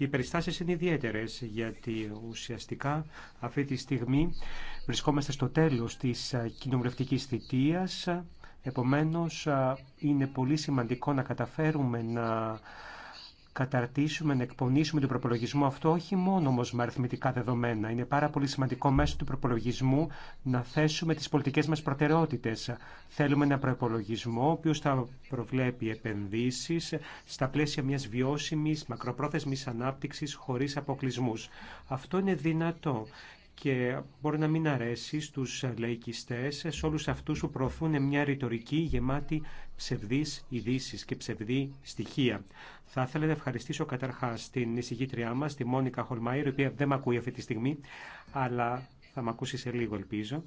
Οι περιστάσεις είναι ιδιαίτερες γιατί ουσιαστικά αυτή τη στιγμή βρισκόμαστε στο τέλος της κοινοβουλευτικής θητείας. Επομένως, είναι πολύ σημαντικό να καταφέρουμε να καταρτήσουμε, να εκπονήσουμε τον προπολογισμό αυτό, όχι μόνο όμω με αριθμητικά δεδομένα. Είναι πάρα πολύ σημαντικό μέσω του προπολογισμού να θέσουμε τι πολιτικέ μα προτεραιότητε. Θέλουμε ένα προπολογισμό, ο οποίο θα προβλέπει επενδύσει στα πλαίσια μια βιώσιμη, μακροπρόθεσμη ανάπτυξη χωρί αποκλεισμού. Αυτό είναι δυνατό και μπορεί να μην αρέσει στους λαϊκιστές, σε όλους αυτούς που προωθούν μια ρητορική γεμάτη ψευδείς ειδήσει και ψευδή στοιχεία. Θα ήθελα να ευχαριστήσω καταρχά την εισηγήτριά μα, τη Μόνικα Χολμαϊρ, η οποία δεν με ακούει αυτή τη στιγμή, αλλά θα με ακούσει σε λίγο ελπίζω,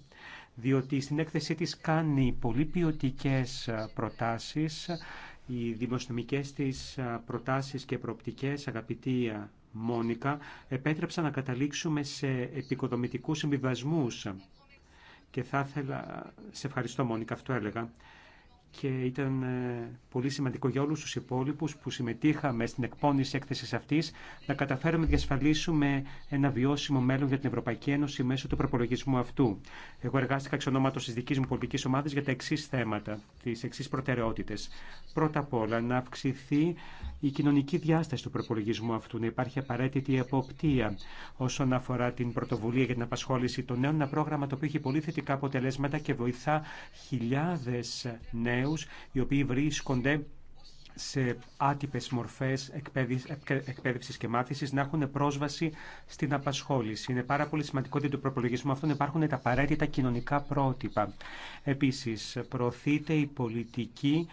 διότι στην έκθεσή της κάνει πολύ ποιοτικέ προτάσει, οι δημοσιονομικέ της προτάσεις και προοπτικέ, αγαπητή Μόνικα, επέτρεψαν να καταλήξουμε σε επικοδομητικούς συμβιβασμού. Και θα ήθελα, σε ευχαριστώ Μόνικα, αυτό έλεγα, και ήταν ε, πολύ σημαντικό για όλους τους υπόλοιπους που συμμετείχαμε στην εκπόνηση έκθεσης αυτής να καταφέρουμε να διασφαλίσουμε ένα βιώσιμο μέλλον για την Ευρωπαϊκή Ένωση μέσω του προπολογισμού αυτού. Εγώ εργάστηκα εξ ονόματος της δικής μου πολιτικής ομάδας για τα εξή θέματα, τις εξή προτεραιότητες. Πρώτα απ' όλα να αυξηθεί η κοινωνική διάσταση του προπολογισμού αυτού, να υπάρχει απαραίτητη εποπτεία όσον αφορά την πρωτοβουλία για την απασχόληση των νέων, ένα πρόγραμμα το οποίο έχει πολύ θετικά αποτελέσματα και βοηθά χιλιάδες νέους οι οποίοι βρίσκονται σε άτυπες μορφές εκπαίδευσης και μάθησης να έχουν πρόσβαση στην απασχόληση. Είναι πάρα πολύ σημαντικό ότι του προπολογισμού αυτών υπάρχουν τα απαραίτητα κοινωνικά πρότυπα. Επίσης, προωθείται η πολιτική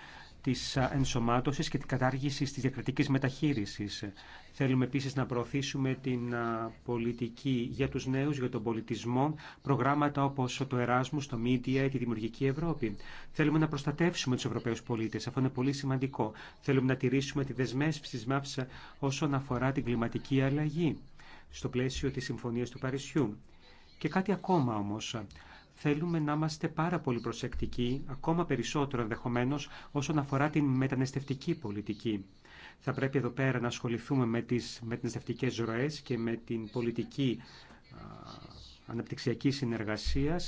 Τη ενσωμάτωση και την κατάργηση τη διακριτική μεταχείρισης. Θέλουμε επίση να προωθήσουμε την πολιτική για του νέου, για τον πολιτισμό, προγράμματα όπω το Εράσμου, το Μίντια ή τη Δημιουργική Ευρώπη. Θέλουμε να προστατεύσουμε του Ευρωπαίου πολίτε, αυτό είναι πολύ σημαντικό. Θέλουμε να τηρήσουμε τη δεσμεύση τη ΜΑΠΣ όσον αφορά την κλιματική αλλαγή στο πλαίσιο της Συμφωνίας του Παρισιού. Και κάτι ακόμα όμως θέλουμε να είμαστε πάρα πολύ προσεκτικοί, ακόμα περισσότερο ενδεχομένω, όσον αφορά την μεταναστευτική πολιτική. Θα πρέπει εδώ πέρα να ασχοληθούμε με τις μεταναστευτικές ροές και με την πολιτική αναπτυξιακή συνεργασία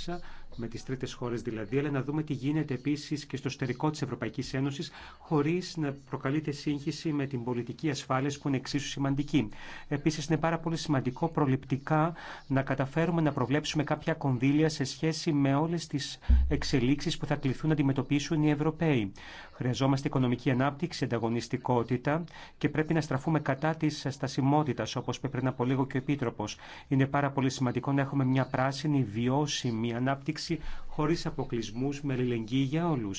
με τις τρίτες χώρες δηλαδή, αλλά να δούμε τι γίνεται επίσης και στο στερικό της Ευρωπαϊκής Ένωσης, χωρίς να προκαλείται σύγχυση με την πολιτική ασφάλεια που είναι εξίσου σημαντική. Επίσης είναι πάρα πολύ σημαντικό προληπτικά να καταφέρουμε να προβλέψουμε κάποια κονδύλια σε σχέση με όλες τις εξελίξεις που θα κληθούν να αντιμετωπίσουν οι Ευρωπαίοι. Χρειαζόμαστε οικονομική ανάπτυξη, ανταγωνιστικότητα και πρέπει να στραφούμε κατά τη στασιμότητα, όπω είπε πριν από λίγο και ο επίτροπο. Είναι πάρα πολύ σημαντικό να έχουμε μια πράσινη, βιώσιμη ανάπτυξη χωρίς αποκλισμούς με αλληλεγγύη για όλου.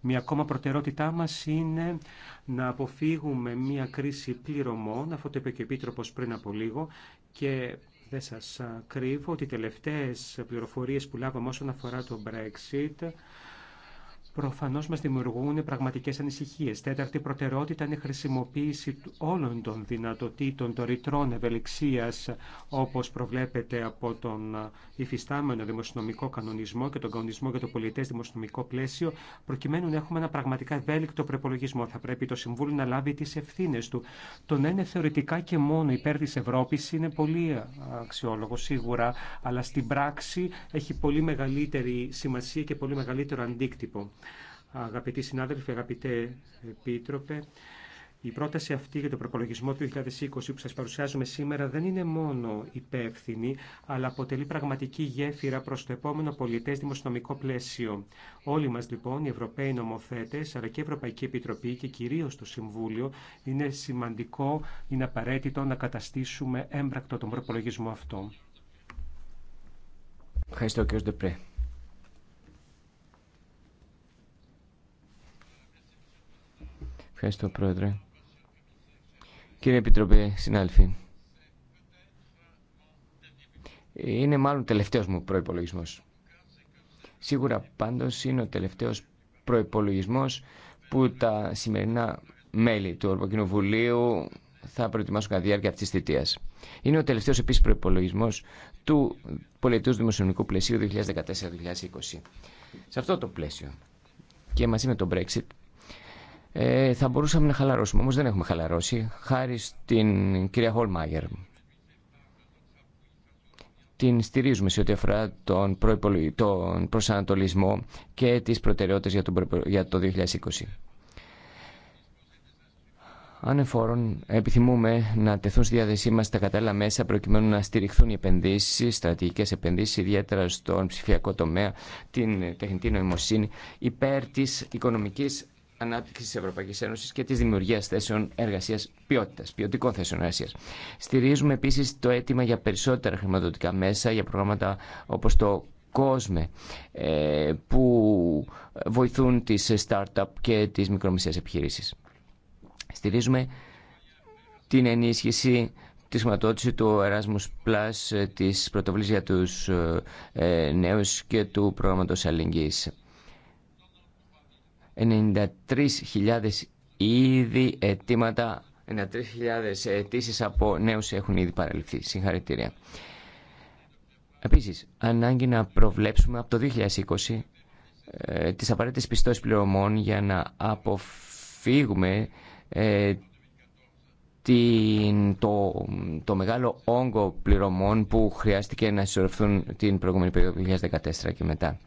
Μια ακόμα προτερότητά μα είναι να αποφύγουμε μια κρίση πληρωμών, αυτό το είπε και ο επίτροπο πριν από λίγο, και δεν σα κρύβω ότι οι τελευταίε πληροφορίε που λάβαμε όσον αφορά το Brexit προφανώς μας δημιουργούν πραγματικές ανησυχίες. Τέταρτη προτεραιότητα είναι η χρησιμοποίηση όλων των δυνατοτήτων, των ρητρών ευελιξίας, όπως προβλέπεται από τον υφιστάμενο δημοσιονομικό κανονισμό και τον κανονισμό για το πολιτές δημοσιονομικό πλαίσιο, προκειμένου να έχουμε ένα πραγματικά ευέλικτο προπολογισμό. Θα πρέπει το Συμβούλιο να λάβει τις ευθύνες του. Το να είναι θεωρητικά και μόνο υπέρ της Ευρώπης είναι πολύ αξιόλογο σίγουρα, αλλά στην πράξη έχει πολύ μεγαλύτερη σημασία και πολύ μεγαλύτερο αντίκτυπο. Αγαπητοί συνάδελφοι, αγαπητέ επίτροπε, η πρόταση αυτή για τον προπολογισμό του 2020 που σας παρουσιάζουμε σήμερα δεν είναι μόνο υπεύθυνη, αλλά αποτελεί πραγματική γέφυρα προς το επόμενο πολιτές δημοσιονομικό πλαίσιο. Όλοι μας λοιπόν, οι Ευρωπαίοι νομοθέτες, αλλά και η Ευρωπαϊκή Επιτροπή και κυρίως το Συμβούλιο, είναι σημαντικό, είναι απαραίτητο να καταστήσουμε έμπρακτο τον προπολογισμό αυτό. Ευχαριστώ κύριο Ντεπρέ. Ευχαριστώ, Πρόεδρε. Κύριε Επιτροπή, Συνάδελφοι. Είναι μάλλον τελευταίος μου προϋπολογισμός. Σίγουρα πάντως είναι ο τελευταίος προϋπολογισμός που τα σημερινά μέλη του Ευρωκοινοβουλίου θα προετοιμάσουν κατά τη διάρκεια αυτή τη θητείας. Είναι ο τελευταίο επίση προπολογισμό του πολιτικού δημοσιονομικού πλαισίου 2014-2020. Σε αυτό το πλαίσιο και μαζί με το Brexit ε, θα μπορούσαμε να χαλαρώσουμε. Όμως δεν έχουμε χαλαρώσει, χάρη στην κυρία Χολμάγερ. Την στηρίζουμε σε ό,τι αφορά τον, τον προσανατολισμό και τις προτεραιότητες για, για το 2020. Ανεφόρον, επιθυμούμε να τεθούν στη διάθεσή μας τα κατάλληλα μέσα προκειμένου να στηριχθούν οι επενδύσει, στρατηγικέ επενδύσει, ιδιαίτερα στον ψηφιακό τομέα, την τεχνητή νοημοσύνη, υπέρ τη οικονομική ανάπτυξη τη Ευρωπαϊκή Ένωση και τη δημιουργία θέσεων εργασία ποιότητα, ποιοτικών θέσεων εργασία. Στηρίζουμε επίση το αίτημα για περισσότερα χρηματοδοτικά μέσα, για προγράμματα όπω το COSME, ε, που βοηθούν τις startup και τις μικρομεσαίες επιχειρήσεις. Στηρίζουμε την ενίσχυση τη χρηματοδότηση του Erasmus Plus, ε, της πρωτοβουλίας για τους ε, νέους και του προγράμματος αλληλεγγύης. 93.000 ήδη αιτήματα, 93.000 αιτήσει από νέους έχουν ήδη παραληφθεί. Συγχαρητήρια. Επίσης, ανάγκη να προβλέψουμε από το 2020 τι ε, τις απαραίτητες πιστώσεις πληρωμών για να αποφύγουμε ε, το, το μεγάλο όγκο πληρωμών που χρειάστηκε να συσσωρευτούν την προηγούμενη περίοδο 2014 και μετά.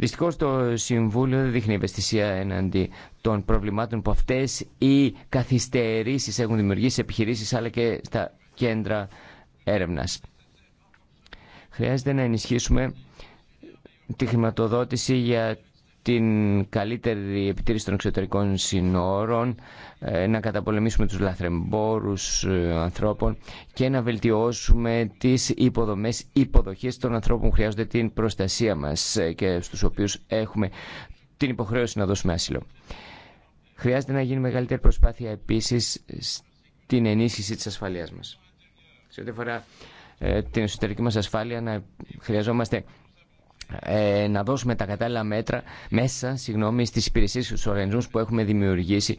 Δυστυχώ, το Συμβούλιο δεν δείχνει ευαισθησία εναντί των προβλημάτων που αυτές οι καθυστερήσει έχουν δημιουργήσει σε επιχειρήσεις αλλά και στα κέντρα έρευνας. Χρειάζεται να ενισχύσουμε τη χρηματοδότηση για την καλύτερη επιτήρηση των εξωτερικών συνόρων, ε, να καταπολεμήσουμε τους λαθρεμπόρους ε, ανθρώπων και να βελτιώσουμε τις υποδομές υποδοχής των ανθρώπων που χρειάζονται την προστασία μας ε, και στους οποίους έχουμε την υποχρέωση να δώσουμε άσυλο. Χρειάζεται να γίνει μεγαλύτερη προσπάθεια επίσης στην ενίσχυση της ασφαλείας μας. Σε ό,τι αφορά την εσωτερική μας ασφάλεια, να χρειαζόμαστε ε, να δώσουμε τα κατάλληλα μέτρα μέσα συγγνώμη, στις υπηρεσίες στους οργανισμούς που έχουμε δημιουργήσει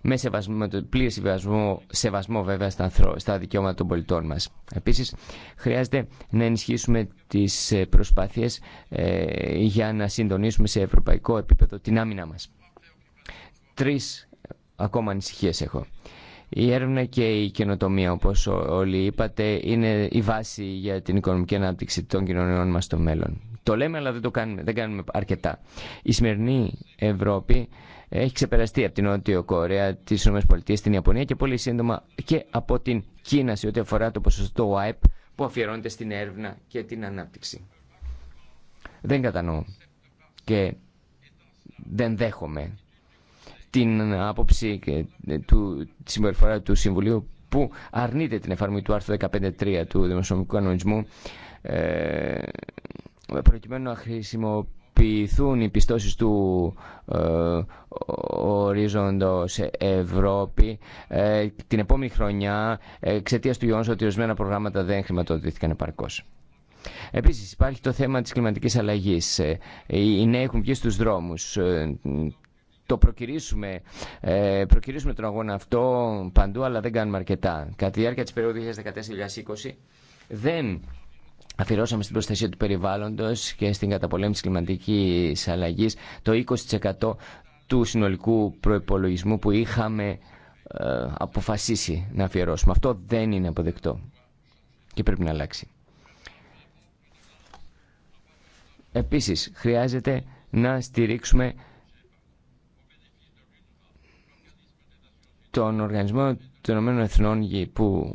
με, σεβασμό, με το πλήρη σεβασμό, σεβασμό βέβαια στα, στα δικαιώματα των πολιτών μας. Επίσης, χρειάζεται να ενισχύσουμε τις ε, προσπάθειες ε, για να συντονίσουμε σε ευρωπαϊκό επίπεδο την άμυνα μας. Τρεις ακόμα ανησυχίες έχω. Η έρευνα και η καινοτομία, όπως όλοι είπατε, είναι η βάση για την οικονομική ανάπτυξη των κοινωνιών μας στο μέλλον. Το λέμε, αλλά δεν το κάνουμε, δεν κάνουμε αρκετά. Η σημερινή Ευρώπη έχει ξεπεραστεί από την Νότιο Κορέα, τις ΗΠΑ, την Ιαπωνία και πολύ σύντομα και από την Κίνα σε ό,τι αφορά το ποσοστό ΑΕΠ που αφιερώνεται στην έρευνα και την ανάπτυξη. Δεν κατανοώ και δεν δέχομαι την άποψη ε, του, τη συμπεριφορά του Συμβουλίου που αρνείται την εφαρμογή του άρθρου 15.3 του Δημοσιονομικού Κανονισμού ε, προκειμένου να χρησιμοποιηθούν οι πιστώσεις του ε, ορίζοντος Ευρώπη ε, την επόμενη χρονιά εξαιτία του γεγονό ότι ορισμένα προγράμματα δεν χρηματοδοτήθηκαν επάρκώ. Επίσης υπάρχει το θέμα της κλιματικής αλλαγής. Οι νέοι έχουν βγει στους δρόμους το προκυρήσουμε, ε, τον αγώνα αυτό παντού, αλλά δεν κάνουμε αρκετά. Κατά τη διάρκεια της περίοδου 2014-2020 δεν αφιερώσαμε στην προστασία του περιβάλλοντος και στην καταπολέμηση κλιματική κλιματικής το 20% του συνολικού προϋπολογισμού που είχαμε ε, αποφασίσει να αφιερώσουμε. Αυτό δεν είναι αποδεκτό και πρέπει να αλλάξει. Επίσης, χρειάζεται να στηρίξουμε τον οργανισμό των Εθνών που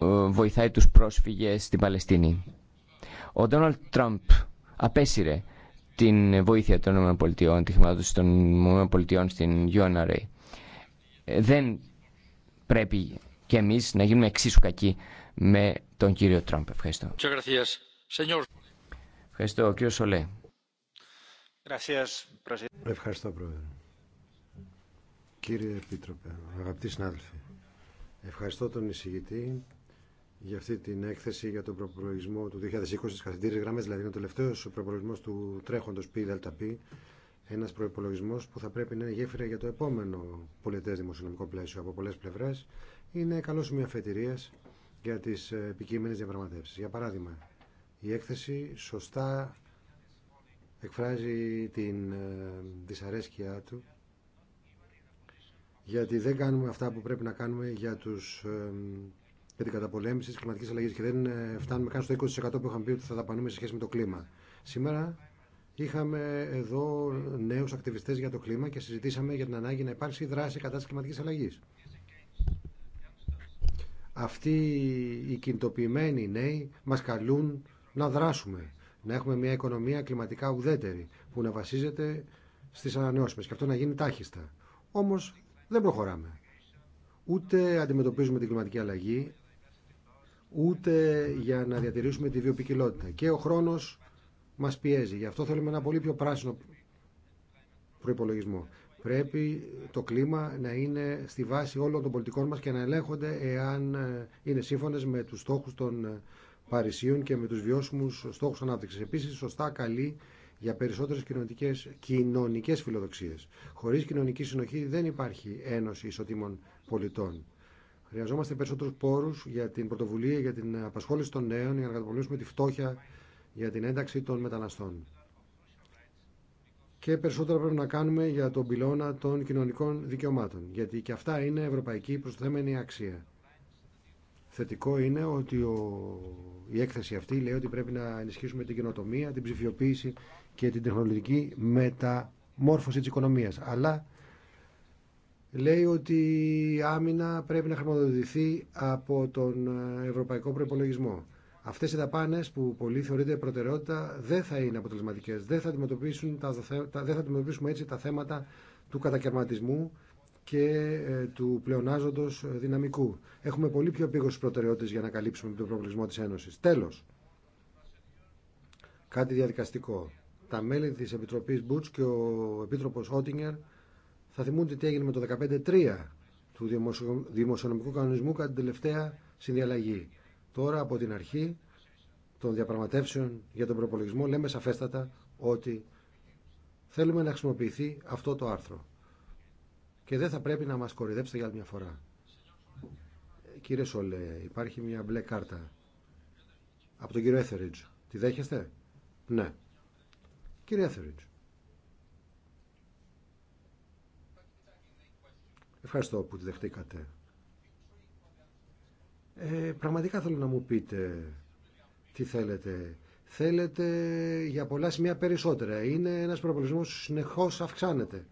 ε, βοηθάει τους πρόσφυγες στην Παλαιστίνη. Ο Ντόναλτ Τραμπ απέσυρε την βοήθεια των ΗΠΑ, τη χρηματοδότηση των ΗΠΑ στην UNRA. Ε, δεν πρέπει και εμείς να γίνουμε εξίσου κακοί με τον κύριο Τραμπ. Ευχαριστώ. Ευχαριστώ, κύριο Σολέ. Ευχαριστώ, Πρόεδρε. Κύριε Επίτροπε, αγαπητοί συνάδελφοι, ευχαριστώ τον εισηγητή για αυτή την έκθεση για τον προπολογισμό του 2020 στις Καθηγητήρια γραμμές, δηλαδή είναι ο τελευταίο προπολογισμό του τρέχοντος ΠΔΠ, Ένα προπολογισμό που θα πρέπει να είναι γέφυρα για το επόμενο πολιτέ δημοσιονομικό πλαίσιο από πολλέ πλευρέ, είναι καλό σημείο αφετηρία για τι ε, επικείμενες διαπραγματεύσει. Για παράδειγμα, η έκθεση σωστά εκφράζει την ε, δυσαρέσκειά του γιατί δεν κάνουμε αυτά που πρέπει να κάνουμε για, τους, για την καταπολέμηση τη κλιματική αλλαγή και δεν ε, φτάνουμε καν στο 20% που είχαμε πει ότι θα δαπανούμε σε σχέση με το κλίμα. Σήμερα είχαμε εδώ νέου ακτιβιστέ για το κλίμα και συζητήσαμε για την ανάγκη να υπάρξει δράση κατά τη κλιματική αλλαγή. Αυτοί οι κινητοποιημένοι νέοι μα καλούν να δράσουμε, να έχουμε μια οικονομία κλιματικά ουδέτερη που να βασίζεται στι ανανεώσιμε και αυτό να γίνει τάχιστα. Όμω, δεν προχωράμε. Ούτε αντιμετωπίζουμε την κλιματική αλλαγή, ούτε για να διατηρήσουμε τη βιοπικιλότητα. Και ο χρόνος μας πιέζει. Γι' αυτό θέλουμε ένα πολύ πιο πράσινο προϋπολογισμό. Πρέπει το κλίμα να είναι στη βάση όλων των πολιτικών μας και να ελέγχονται εάν ε, είναι σύμφωνε με τους στόχους των ε, Παρισίων και με τους βιώσιμους στόχους ανάπτυξης. Επίσης, σωστά καλή για περισσότερε κοινωνικέ κοινωνικές φιλοδοξίες. Χωρίς κοινωνική συνοχή δεν υπάρχει ένωση ισοτήμων πολιτών. Χρειαζόμαστε περισσότερου πόρου για την πρωτοβουλία, για την απασχόληση των νέων, για να καταπολεμήσουμε τη φτώχεια, για την ένταξη των μεταναστών. Και περισσότερα πρέπει να κάνουμε για τον πυλώνα των κοινωνικών δικαιωμάτων. Γιατί και αυτά είναι ευρωπαϊκή προσθέμενη αξία. Θετικό είναι ότι ο... η έκθεση αυτή λέει ότι πρέπει να ενισχύσουμε την κοινοτομία, την ψηφιοποίηση και την τεχνολογική μεταμόρφωση της οικονομίας. Αλλά λέει ότι η άμυνα πρέπει να χρηματοδοτηθεί από τον ευρωπαϊκό προπολογισμό. Αυτές οι δαπάνες που πολλοί θεωρείται προτεραιότητα δεν θα είναι αποτελεσματικές. Δεν θα, τα, δεν θα αντιμετωπίσουμε έτσι τα θέματα του κατακαιρματισμού και ε, του πλεονάζοντος δυναμικού. Έχουμε πολύ πιο πήγος προτεραιότητες για να καλύψουμε τον προβλησμό της Ένωσης. Τέλος, κάτι διαδικαστικό τα μέλη της Επιτροπής Μπούτς και ο Επίτροπος Ότιγκερ θα θυμούνται τι έγινε με το 15.3 του Δημοσιονομικού Κανονισμού κατά την τελευταία συνδιαλλαγή. Τώρα από την αρχή των διαπραγματεύσεων για τον προπολογισμό λέμε σαφέστατα ότι θέλουμε να χρησιμοποιηθεί αυτό το άρθρο. Και δεν θα πρέπει να μας κορυδέψετε για άλλη μια φορά. Κύριε Σολέ, υπάρχει μια μπλε κάρτα από τον κύριο Έθεριτζ. Τη δέχεστε? Ναι. Κύριε Έθεριτς. Ευχαριστώ που τη δεχτήκατε. Ε, πραγματικά θέλω να μου πείτε τι θέλετε. Θέλετε για πολλά σημεία περισσότερα. Είναι ένας προϋπολογισμός που συνεχώς αυξάνεται.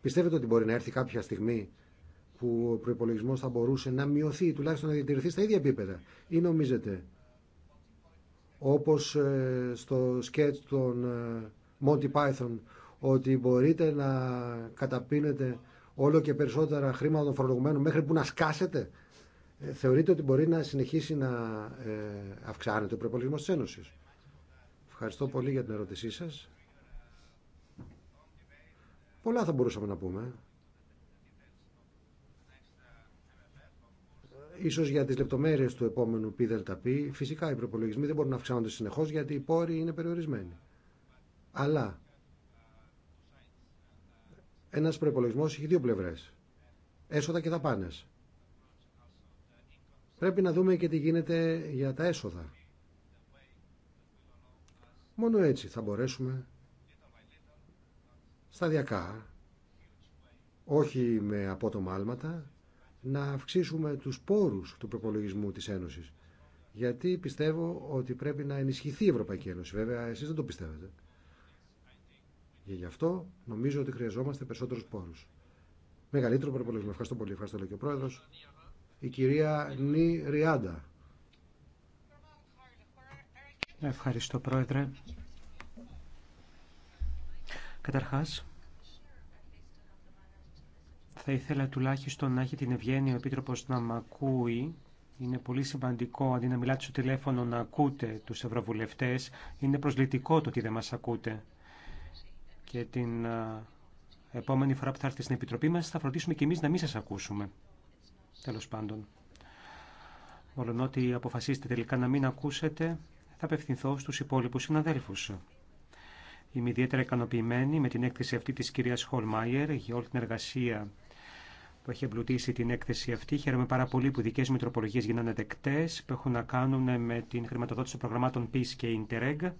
Πιστεύετε ότι μπορεί να έρθει κάποια στιγμή που ο προπολογισμό θα μπορούσε να μειωθεί, τουλάχιστον να διατηρηθεί στα ίδια επίπεδα. Ή νομίζετε, όπως ε, στο σκέτ των ε, Monty Python ότι μπορείτε να καταπίνετε όλο και περισσότερα χρήματα των φορολογουμένων μέχρι που να σκάσετε. Ε, θεωρείτε ότι μπορεί να συνεχίσει να ε, αυξάνεται ο προπολογισμό τη Ένωση. Ευχαριστώ πολύ για την ερώτησή σας. Πολλά θα μπορούσαμε να πούμε. Ίσως για τις λεπτομέρειες του επόμενου ΠΔΠ, φυσικά οι προπολογισμοί δεν μπορούν να αυξάνονται συνεχώς γιατί οι πόροι είναι περιορισμένοι. Αλλά ένας προπολογισμό έχει δύο πλευρές. Έσοδα και δαπάνες. Πρέπει να δούμε και τι γίνεται για τα έσοδα. Μόνο έτσι θα μπορέσουμε σταδιακά, όχι με απότομα άλματα, να αυξήσουμε τους πόρους του προπολογισμού της Ένωσης. Γιατί πιστεύω ότι πρέπει να ενισχυθεί η Ευρωπαϊκή Ένωση. Βέβαια, εσείς δεν το πιστεύετε. Και γι' αυτό νομίζω ότι χρειαζόμαστε περισσότερου πόρου. Μεγαλύτερο προπολογισμό. Ευχαριστώ πολύ. Ευχαριστώ, λέει και ο πρόεδρο. Η κυρία Νι Ριάντα. Ευχαριστώ, πρόεδρε. Καταρχά, θα ήθελα τουλάχιστον να έχει την ευγένεια ο επίτροπο να μ' ακούει. Είναι πολύ σημαντικό αντί να μιλάτε στο τηλέφωνο να ακούτε του ευρωβουλευτέ. Είναι προσλητικό το ότι δεν μα ακούτε και την ε, επόμενη φορά που θα έρθετε στην Επιτροπή μας θα φροντίσουμε και εμείς να μην σας ακούσουμε. Τέλος πάντων. Μόλον ότι αποφασίσετε τελικά να μην ακούσετε, θα απευθυνθώ στους υπόλοιπους συναδέλφους. Είμαι ιδιαίτερα ικανοποιημένη με την έκθεση αυτή της κυρίας Χολμάιερ για όλη την εργασία που έχει εμπλουτίσει την έκθεση αυτή. Χαίρομαι πάρα πολύ που δικέ μου γίνανε δεκτέ, που έχουν να κάνουν με την χρηματοδότηση των προγραμμάτων PIS και Interreg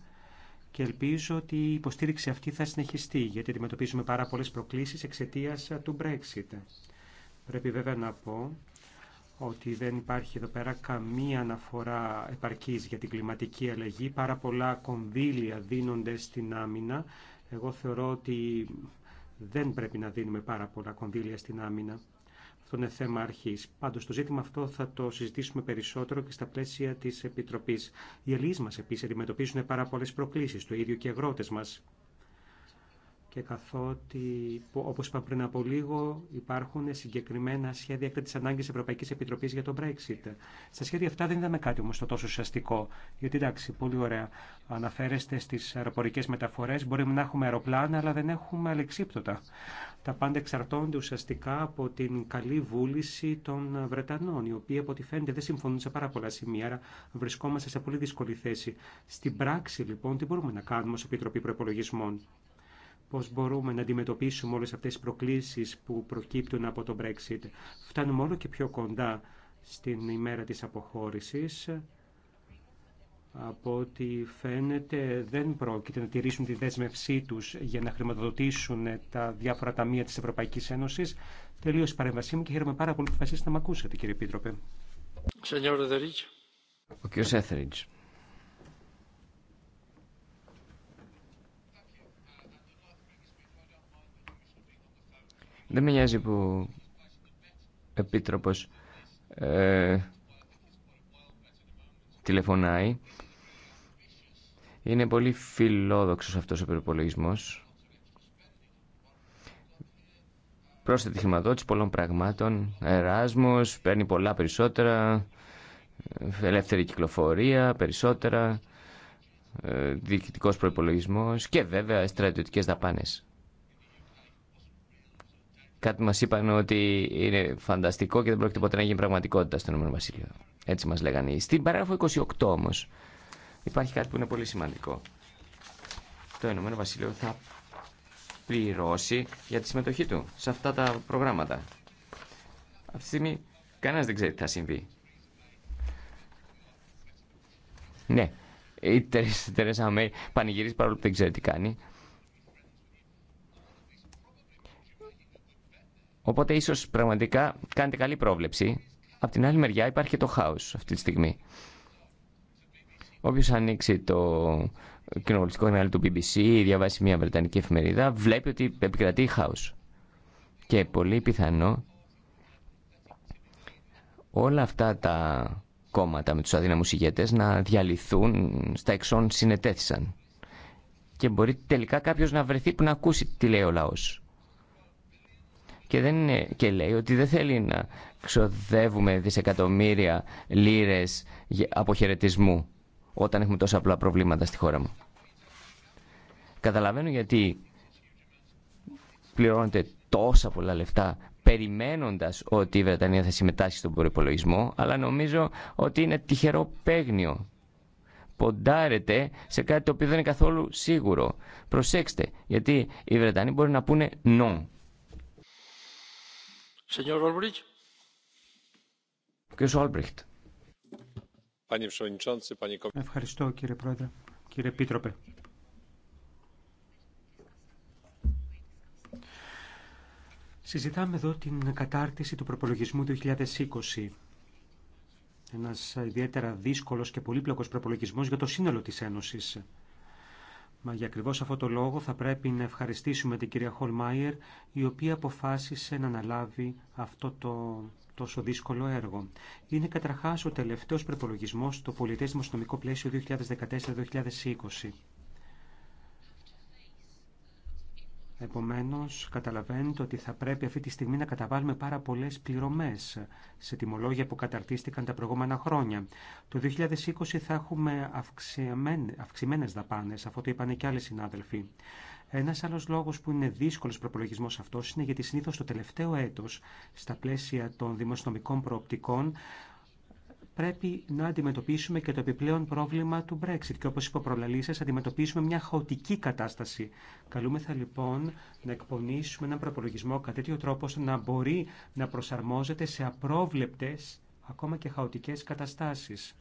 και ελπίζω ότι η υποστήριξη αυτή θα συνεχιστεί, γιατί αντιμετωπίζουμε πάρα πολλέ προκλήσεις εξαιτία ε, του Brexit. Πρέπει βέβαια να πω ότι δεν υπάρχει εδώ πέρα καμία αναφορά επαρκής για την κλιματική αλλαγή. Πάρα πολλά κονδύλια δίνονται στην άμυνα. Εγώ θεωρώ ότι δεν πρέπει να δίνουμε πάρα πολλά κονδύλια στην άμυνα τον θέμα αρχή. Πάντω το ζήτημα αυτό θα το συζητήσουμε περισσότερο και στα πλαίσια τη Επιτροπή. Οι ελίε μα επίση αντιμετωπίζουν πάρα πολλέ προκλήσει, το ίδιο και οι αγρότε μα και καθότι, όπως είπα πριν από λίγο, υπάρχουν συγκεκριμένα σχέδια έκτα της ανάγκης Ευρωπαϊκής Επιτροπής για τον Brexit. Στα σχέδια αυτά δεν είδαμε κάτι όμως το τόσο ουσιαστικό, γιατί εντάξει, πολύ ωραία, αναφέρεστε στις αεροπορικές μεταφορές, μπορεί να έχουμε αεροπλάνα, αλλά δεν έχουμε αλεξίπτωτα. Τα πάντα εξαρτώνται ουσιαστικά από την καλή βούληση των Βρετανών, οι οποίοι από ό,τι φαίνεται δεν συμφωνούν σε πάρα πολλά σημεία, άρα βρισκόμαστε σε πολύ δύσκολη θέση. Στην πράξη, λοιπόν, τι μπορούμε να κάνουμε ω Επιτροπή Προπολογισμών πώς μπορούμε να αντιμετωπίσουμε όλες αυτές τις προκλήσεις που προκύπτουν από το Brexit. Φτάνουμε όλο και πιο κοντά στην ημέρα της αποχώρησης. Από ό,τι φαίνεται δεν πρόκειται να τηρήσουν τη δέσμευσή τους για να χρηματοδοτήσουν τα διάφορα ταμεία της Ευρωπαϊκής Ένωσης. Τελείωσε η παρέμβασή μου και χαίρομαι πάρα πολύ που να με ακούσετε κύριε Επίτροπε. Ο κύριος Δεν με νοιάζει που επίτροπος ε, τηλεφωνάει. Είναι πολύ φιλόδοξος αυτός ο προϋπολογισμός. Πρόσθετη χρηματοδότηση πολλών πραγμάτων. Εράσμος, παίρνει πολλά περισσότερα. Ελεύθερη κυκλοφορία, περισσότερα. Ε, διοικητικός προϋπολογισμός και βέβαια στρατιωτικές δαπάνες. Κάτι μας είπαν ότι είναι φανταστικό και δεν πρόκειται ποτέ να γίνει πραγματικότητα στον Ηνωμένο Βασίλειο. Έτσι μας λέγανε. Στην παράγραφο 28 όμω. υπάρχει κάτι που είναι πολύ σημαντικό. Το Ηνωμένο Βασίλειο θα πληρώσει για τη συμμετοχή του σε αυτά τα προγράμματα. Αυτή τη στιγμή κανένα δεν ξέρει τι θα συμβεί. Ναι, η Τερέσα Μέη πανηγυρίζει παρόλο που δεν ξέρει τι κάνει. Οπότε ίσως πραγματικά κάνετε καλή πρόβλεψη. Απ' την άλλη μεριά υπάρχει και το χάος αυτή τη στιγμή. Όποιο ανοίξει το κοινοβουλευτικό κανάλι του BBC ή διαβάσει μια βρετανική εφημερίδα, βλέπει ότι επικρατεί χάος. Και πολύ πιθανό όλα αυτά τα κόμματα με τους αδύναμους ηγέτες να διαλυθούν στα εξών συνετέθησαν. Και μπορεί τελικά κάποιος να βρεθεί που να ακούσει τι λέει ο λαός και, δεν και λέει ότι δεν θέλει να ξοδεύουμε δισεκατομμύρια λίρες αποχαιρετισμού όταν έχουμε τόσα απλά προβλήματα στη χώρα μου. Καταλαβαίνω γιατί πληρώνεται τόσα πολλά λεφτά περιμένοντας ότι η Βρετανία θα συμμετάσχει στον προπολογισμό, αλλά νομίζω ότι είναι τυχερό παίγνιο. Ποντάρεται σε κάτι το οποίο δεν είναι καθόλου σίγουρο. Προσέξτε, γιατί οι Βρετανοί μπορεί να πούνε νό. Συζητάμε εδώ την κατάρτιση του προπολογισμού 2020. Ένας ιδιαίτερα δύσκολος και πολύπλοκος προπολογισμός για το σύνολο της Ένωσης. Μα για ακριβώ αυτό το λόγο θα πρέπει να ευχαριστήσουμε την κυρία Χολμάιερ η οποία αποφάσισε να αναλάβει αυτό το τόσο δύσκολο έργο. Είναι καταρχάς ο τελευταίος προπολογισμό στο πολιτισμο δημοσιονομικο δημοσιονομικό πλαίσιο 2014-2020. Επομένως, καταλαβαίνετε ότι θα πρέπει αυτή τη στιγμή να καταβάλουμε πάρα πολλές πληρωμές σε τιμολόγια που καταρτίστηκαν τα προηγούμενα χρόνια. Το 2020 θα έχουμε αυξημένες δαπάνες, αφού το είπαν και άλλοι συνάδελφοι. Ένα άλλο λόγο που είναι δύσκολο προπολογισμό αυτό είναι γιατί συνήθω το τελευταίο έτο, στα πλαίσια των δημοσιονομικών προοπτικών, πρέπει να αντιμετωπίσουμε και το επιπλέον πρόβλημα του Brexit. Και όπως είπε ο σας, αντιμετωπίσουμε μια χαοτική κατάσταση. Καλούμεθα λοιπόν να εκπονήσουμε έναν προπολογισμό κατά τέτοιο τρόπο ώστε να μπορεί να προσαρμόζεται σε απρόβλεπτες, ακόμα και χαοτικές καταστάσεις.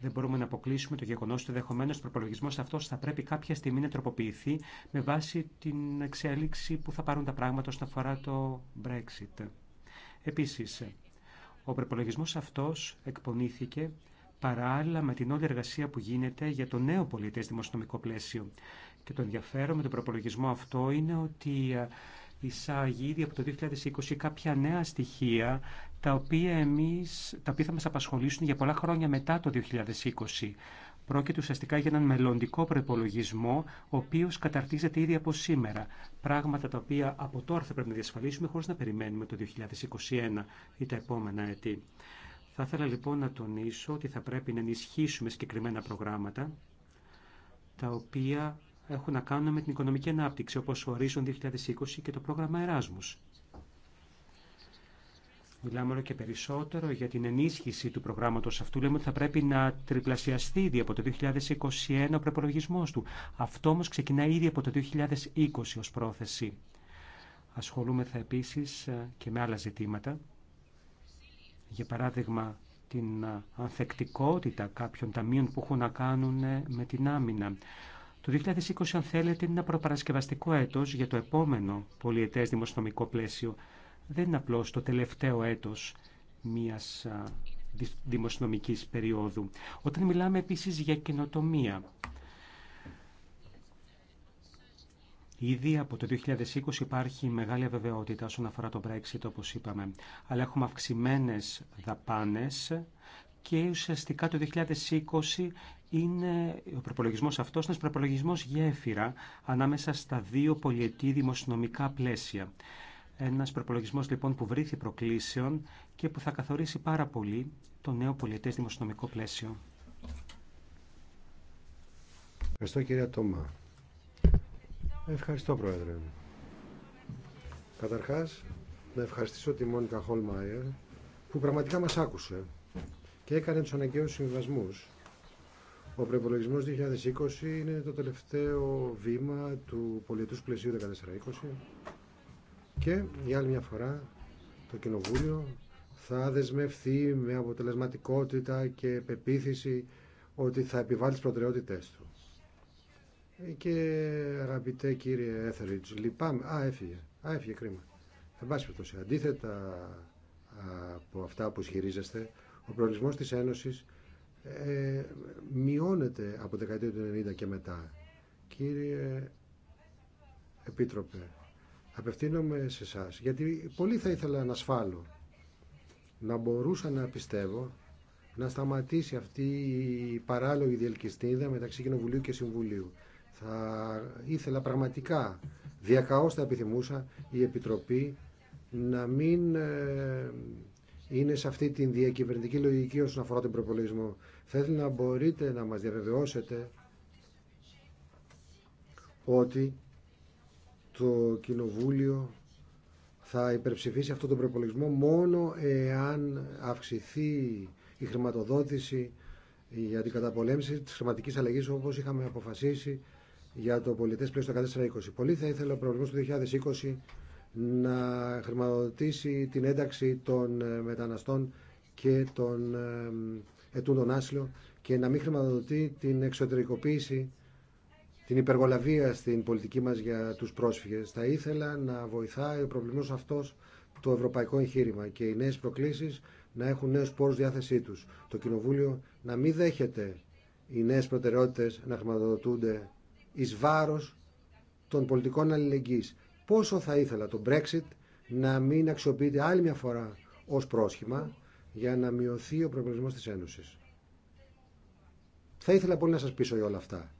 Δεν μπορούμε να αποκλείσουμε το γεγονό ότι ενδεχομένω ο προπολογισμό αυτό θα πρέπει κάποια στιγμή να τροποποιηθεί με βάση την εξέλιξη που θα πάρουν τα πράγματα όσον αφορά το Brexit. Επίση, ο προπολογισμό αυτός εκπονήθηκε παράλληλα με την όλη εργασία που γίνεται για το νέο πολιτέ δημοσιονομικό πλαίσιο. Και το ενδιαφέρον με τον προπολογισμό αυτό είναι ότι ε, εισάγει ήδη από το 2020 κάποια νέα στοιχεία τα οποία, εμείς, τα οποία θα μας απασχολήσουν για πολλά χρόνια μετά το 2020. Πρόκειται ουσιαστικά για έναν μελλοντικό προπολογισμό, ο οποίο καταρτίζεται ήδη από σήμερα. Πράγματα τα οποία από τώρα θα πρέπει να διασφαλίσουμε χωρί να περιμένουμε το 2021 ή τα επόμενα έτη. Θα ήθελα λοιπόν να τονίσω ότι θα πρέπει να ενισχύσουμε συγκεκριμένα προγράμματα τα οποία έχουν να κάνουν με την οικονομική ανάπτυξη, όπω ο Horizon 2020 και το πρόγραμμα Erasmus. Μιλάμε όλο και περισσότερο για την ενίσχυση του προγράμματο αυτού. Λέμε ότι θα πρέπει να τριπλασιαστεί ήδη από το 2021 ο προπολογισμό του. Αυτό όμω ξεκινάει ήδη από το 2020 ω πρόθεση. Ασχολούμεθα επίση ε, και με άλλα ζητήματα. Για παράδειγμα, την ε, ανθεκτικότητα κάποιων ταμείων που έχουν να κάνουν ε, με την άμυνα. Το 2020, αν θέλετε, είναι ένα προπαρασκευαστικό έτος για το επόμενο πολιετές δημοσιονομικό πλαίσιο δεν είναι απλώς το τελευταίο έτος μιας δημοσιονομικής περίοδου. Όταν μιλάμε επίσης για καινοτομία, Ήδη από το 2020 υπάρχει μεγάλη αβεβαιότητα όσον αφορά το Brexit, όπως είπαμε. Αλλά έχουμε αυξημένες δαπάνες και ουσιαστικά το 2020 είναι ο προπολογισμό αυτό ένα προπολογισμό γέφυρα ανάμεσα στα δύο πολιετή δημοσιονομικά πλαίσια. Ένας προπολογισμό λοιπόν που βρήθη προκλήσεων και που θα καθορίσει πάρα πολύ το νέο πολιτές δημοσιονομικό πλαίσιο. Ευχαριστώ κυρία Τόμα. Ευχαριστώ Πρόεδρε. Καταρχάς, να ευχαριστήσω τη Μόνικα Χολμάιερ που πραγματικά μας άκουσε και έκανε τους αναγκαίους συμβασμούς. Ο προπολογισμό 2020 είναι το τελευταίο βήμα του πολιτού πλαισίου και για άλλη μια φορά το Κοινοβούλιο θα δεσμευθεί με αποτελεσματικότητα και πεποίθηση ότι θα επιβάλλει τις προτεραιότητές του. Ε, και αγαπητέ κύριε Έθεριτζ, λυπάμαι. Α, έφυγε. Α, έφυγε κρίμα. Εν πάση περιπτώσει, αντίθετα από αυτά που ισχυρίζεστε, ο προορισμός της Ένωσης ε, μειώνεται από δεκαετία του 90 και μετά. Κύριε Επίτροπε, Απευθύνομαι σε εσά, γιατί πολύ θα ήθελα να ασφάλω, να μπορούσα να πιστεύω να σταματήσει αυτή η παράλογη διελκυστίδα μεταξύ Κοινοβουλίου και Συμβουλίου. Θα ήθελα πραγματικά, διακαώς θα επιθυμούσα, η Επιτροπή να μην ε, είναι σε αυτή την διακυβερνητική λογική όσον αφορά τον προπολογισμό. Θα να μπορείτε να μας διαβεβαιώσετε ότι το Κοινοβούλιο θα υπερψηφίσει αυτό τον προπολογισμό μόνο εάν αυξηθεί η χρηματοδότηση για την καταπολέμηση της χρηματικής αλλαγής όπως είχαμε αποφασίσει για το πολιτές πλαίσιο 14-20. Πολύ θα ήθελα ο προπολογισμός του 2020 να χρηματοδοτήσει την ένταξη των ε, μεταναστών και των ε, ε, ετούντων άσυλων και να μην χρηματοδοτεί την εξωτερικοποίηση την υπεργολαβία στην πολιτική μας για τους πρόσφυγες. Θα ήθελα να βοηθάει ο προβλημός αυτός το ευρωπαϊκό εγχείρημα και οι νέες προκλήσεις να έχουν νέους πόρους διάθεσή τους. Το Κοινοβούλιο να μην δέχεται οι νέες προτεραιότητες να χρηματοδοτούνται εις βάρος των πολιτικών αλληλεγγύης. Πόσο θα ήθελα το Brexit να μην αξιοποιείται άλλη μια φορά ως πρόσχημα για να μειωθεί ο προβλημός της Ένωσης. Θα ήθελα πολύ να σας πείσω για όλα αυτά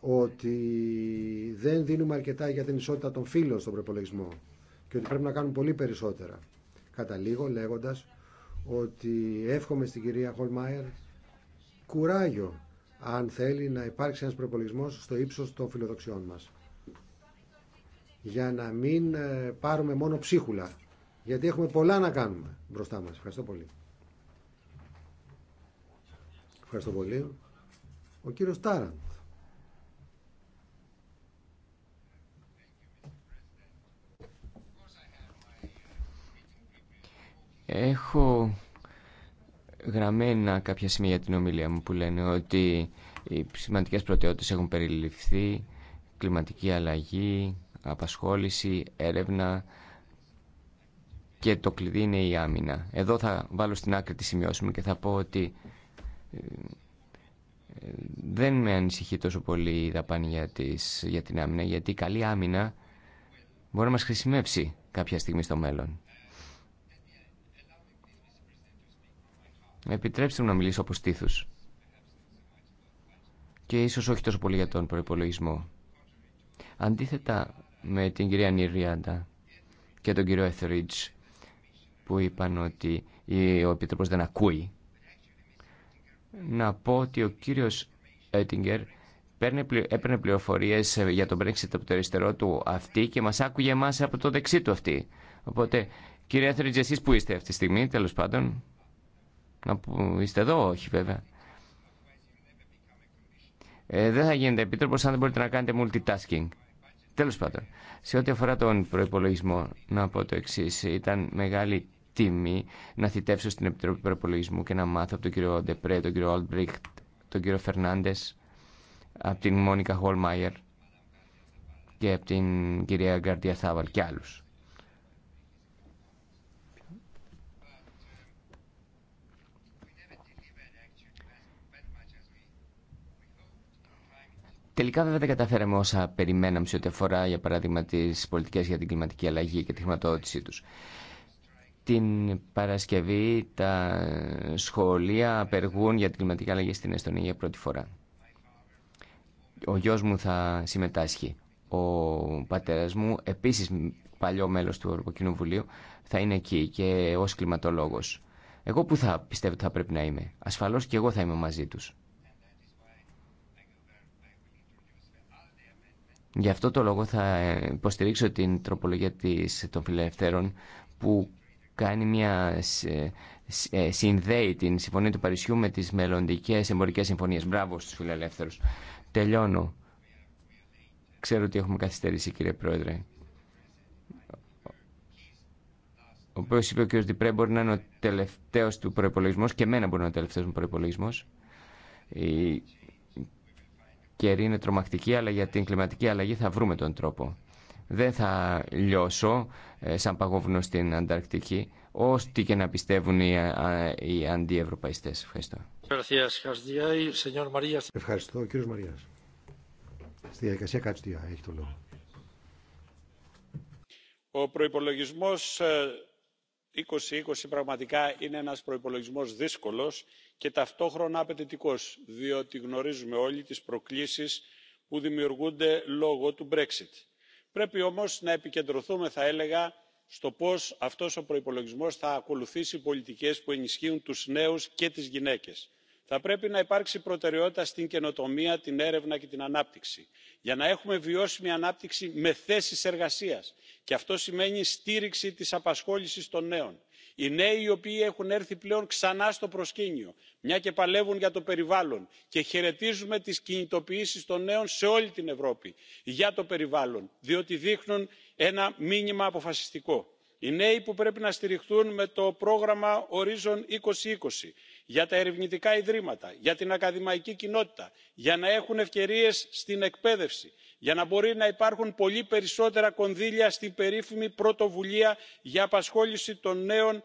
ότι δεν δίνουμε αρκετά για την ισότητα των φύλων στον προπολογισμό και ότι πρέπει να κάνουμε πολύ περισσότερα. Καταλήγω λέγοντας ότι εύχομαι στην κυρία Χολμάιερ κουράγιο αν θέλει να υπάρξει ένας προπολογισμό στο ύψος των φιλοδοξιών μας. Για να μην ε, πάρουμε μόνο ψίχουλα. Γιατί έχουμε πολλά να κάνουμε μπροστά μας. Ευχαριστώ πολύ. Ευχαριστώ πολύ. Ο κύριος Τάραντ. Έχω γραμμένα κάποια σημεία για την ομιλία μου που λένε ότι οι σημαντικές προτεραιότητες έχουν περιληφθεί κλιματική αλλαγή, απασχόληση, έρευνα και το κλειδί είναι η άμυνα. Εδώ θα βάλω στην άκρη τη σημειώση μου και θα πω ότι ε, δεν με ανησυχεί τόσο πολύ η δαπάνη για, τις, για την άμυνα γιατί η καλή άμυνα μπορεί να μας χρησιμεύσει κάποια στιγμή στο μέλλον. Επιτρέψτε μου να μιλήσω από στήθους. Και ίσως όχι τόσο πολύ για τον προϋπολογισμό. Αντίθετα με την κυρία Νιριάντα και τον κύριο Έθριτζ που είπαν ότι ο Επίτροπος δεν ακούει. Να πω ότι ο κύριος Έτιγκερ έπαιρνε πληροφορίες για τον Brexit από το αριστερό του αυτή και μας άκουγε εμάς από το δεξί του αυτή. Οπότε, κύριε Έθριτζ, εσείς που είστε αυτή τη στιγμή, τέλος πάντων να που είστε εδώ, όχι βέβαια. Ε, δεν θα γίνεται. επίτροπο αν δεν μπορείτε να κάνετε multitasking. Τέλο πάντων, σε ό,τι αφορά τον προπολογισμό να πω το εξή. Ήταν μεγάλη τιμή να θητεύσω στην Επιτροπή Προπολογισμού και να μάθω από τον κύριο Ντεπρέ, τον κύριο Ολτμπριχτ, τον κύριο Φερνάντε, από την Μόνικα Χολμάιερ και από την κυρία Γκαρδία Θάβαλ και άλλου. Τελικά βέβαια δεν καταφέραμε όσα περιμέναμε σε ό,τι αφορά για παράδειγμα τις πολιτικές για την κλιματική αλλαγή και τη χρηματοδότησή τους. Την Παρασκευή τα σχολεία απεργούν για την κλιματική αλλαγή στην Εστονία για πρώτη φορά. Ο γιος μου θα συμμετάσχει. Ο πατέρας μου, επίσης παλιό μέλος του Ευρωκοινοβουλίου, θα είναι εκεί και ως κλιματολόγος. Εγώ που θα πιστεύω ότι θα πρέπει να είμαι. Ασφαλώς και εγώ θα είμαι μαζί τους. Γι' αυτό το λόγο θα υποστηρίξω την τροπολογία της, των φιλελευθέρων που κάνει μια, ε, συνδέει την Συμφωνία του Παρισιού με τις μελλοντικέ εμπορικές συμφωνίες. Μπράβο στους φιλελεύθερους. Τελειώνω. Ξέρω ότι έχουμε καθυστερήσει κύριε Πρόεδρε. Ο οποίο είπε ο κ. Διπρέ μπορεί να είναι ο τελευταίο του προπολογισμό και εμένα μπορεί να είναι ο τελευταίο μου προπολογισμό. Και είναι τρομακτική, αλλά για την κλιματική αλλαγή θα βρούμε τον τρόπο. Δεν θα λιώσω ε, σαν παγόβουνο στην Ανταρκτική, ό,τι και να πιστεύουν οι, οι αντιευρωπαϊστές. Ευχαριστώ. Ευχαριστώ, κύριος Μαριάς. Στη διαδικασία Κατστία έχει το λόγο. Ο προϋπολογισμός 2020 ε, πραγματικά είναι ένας προϋπολογισμός δύσκολος και ταυτόχρονα απαιτητικός διότι γνωρίζουμε όλοι τις προκλήσεις που δημιουργούνται λόγω του brexit. πρέπει όμως να επικεντρωθούμε θα έλεγα στο πώς αυτός ο προϋπολογισμός θα ακολουθήσει πολιτικές που ενισχύουν τους νέους και τις γυναίκες. θα πρέπει να υπάρξει προτεραιότητα στην καινοτομία την έρευνα και την ανάπτυξη για να έχουμε βιώσιμη ανάπτυξη με θέσεις εργασίας και αυτό σημαίνει στήριξη της απασχόλησης των νέων οι νέοι οι οποίοι έχουν έρθει πλέον ξανά στο προσκήνιο μια και παλεύουν για το περιβάλλον και χαιρετίζουμε τις κινητοποιήσεις των νέων σε όλη την ευρώπη για το περιβάλλον διότι δείχνουν ένα μήνυμα αποφασιστικό οι νέοι που πρέπει να στηριχθούν με το πρόγραμμα horizon 2020 για τα ερευνητικά ιδρύματα για την ακαδημαϊκή κοινότητα για να έχουν ευκαιρίες στην εκπαίδευση για να μπορεί να υπάρχουν πολύ περισσότερα κονδύλια στην περίφημη πρωτοβουλία για απασχόληση των νέων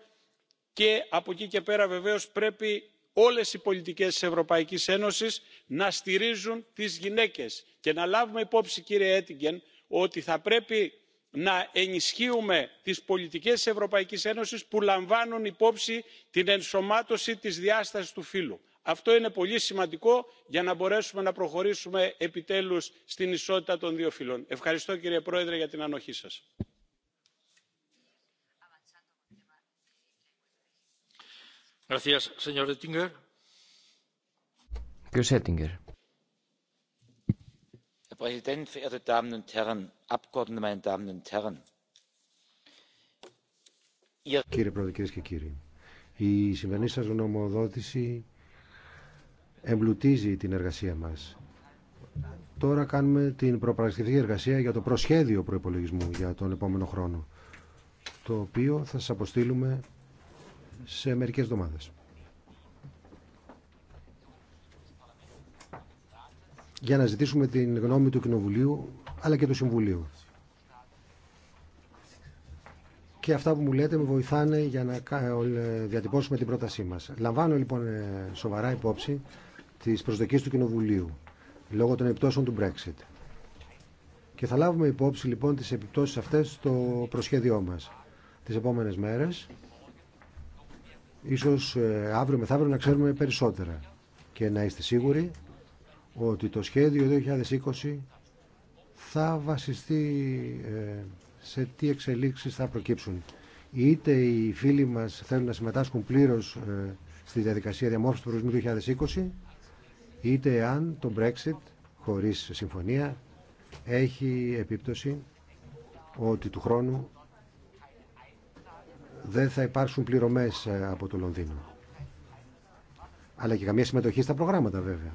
και από εκεί και πέρα βεβαίως πρέπει όλες οι πολιτικές της ευρωπαϊκής ένωσης να στηρίζουν τις γυναίκες και να λάβουμε υπόψη κύριε Έτιγκεν ότι θα πρέπει να ενισχύουμε τις πολιτικές της ευρωπαϊκής ένωσης που λαμβάνουν υπόψη την ενσωμάτωση της διάστασης του φύλου αυτό είναι πολύ σημαντικό για να μπορέσουμε να προχωρήσουμε επιτέλους στην ισότητα των δύο φύλων. ευχαριστώ κύριε πρόεδρε για την ανοχή σας. herr präsident verehrte damen und herren abgeordnete damen und herren! κύριε πρόεδρε κυρίες και κύριοι η σημερινή σας γνωμοδότηση εμπλουτίζει την εργασία μας. Τώρα κάνουμε την προπαρασκευή εργασία για το προσχέδιο προϋπολογισμού για τον επόμενο χρόνο, το οποίο θα σας αποστείλουμε σε μερικές εβδομάδες. για να ζητήσουμε την γνώμη του Κοινοβουλίου αλλά και του Συμβουλίου. Και αυτά που μου λέτε με βοηθάνε για να διατυπώσουμε την πρότασή μας. Λαμβάνω λοιπόν ε, σοβαρά υπόψη τι προσδοκίε του Κοινοβουλίου λόγω των επιπτώσεων του Brexit. Και θα λάβουμε υπόψη λοιπόν τι επιπτώσει αυτέ στο προσχέδιό μας τις επόμενες μέρες. Ίσως ε, αύριο μεθαύριο να ξέρουμε περισσότερα και να είστε σίγουροι ότι το σχέδιο 2020 θα βασιστεί ε, σε τι εξελίξεις θα προκύψουν. Είτε οι φίλοι μας θέλουν να συμμετάσχουν πλήρως ε, στη διαδικασία διαμόρφωσης του προορισμού 2020 είτε αν το Brexit χωρίς συμφωνία έχει επίπτωση ότι του χρόνου δεν θα υπάρξουν πληρωμές ε, από το Λονδίνο. Αλλά και καμία συμμετοχή στα προγράμματα βέβαια.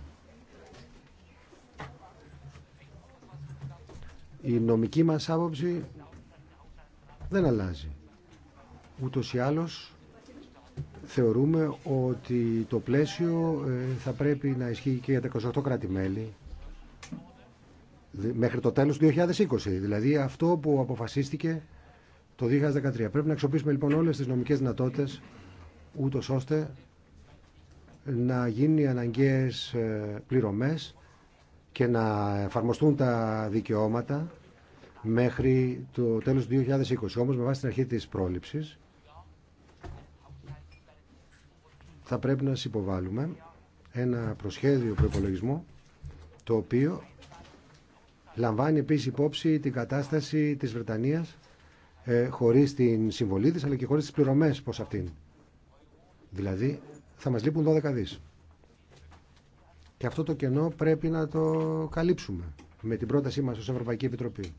Η νομική μας άποψη δεν αλλάζει. Ούτως ή άλλως θεωρούμε ότι το πλαίσιο ε, θα πρέπει να ισχύει και για τα 28 κράτη-μέλη μέχρι το τέλος του 2020. Δηλαδή αυτό που αποφασίστηκε το 2013. Πρέπει να αξιοποιήσουμε λοιπόν όλες τις νομικές δυνατότητες ούτως ώστε να γίνουν οι αναγκαίες ε, πληρωμές και να εφαρμοστούν τα δικαιώματα μέχρι το τέλος του 2020. Όμως με βάση την αρχή της πρόληψης θα πρέπει να συμποβάλουμε ένα προσχέδιο προπολογισμού το οποίο λαμβάνει επίση υπόψη την κατάσταση της Βρετανίας ε, χωρίς την συμβολή της αλλά και χωρίς τις πληρωμές πως αυτήν. Δηλαδή θα μας λείπουν 12 δις. Και αυτό το κενό πρέπει να το καλύψουμε με την πρότασή μας ως Ευρωπαϊκή Επιτροπή.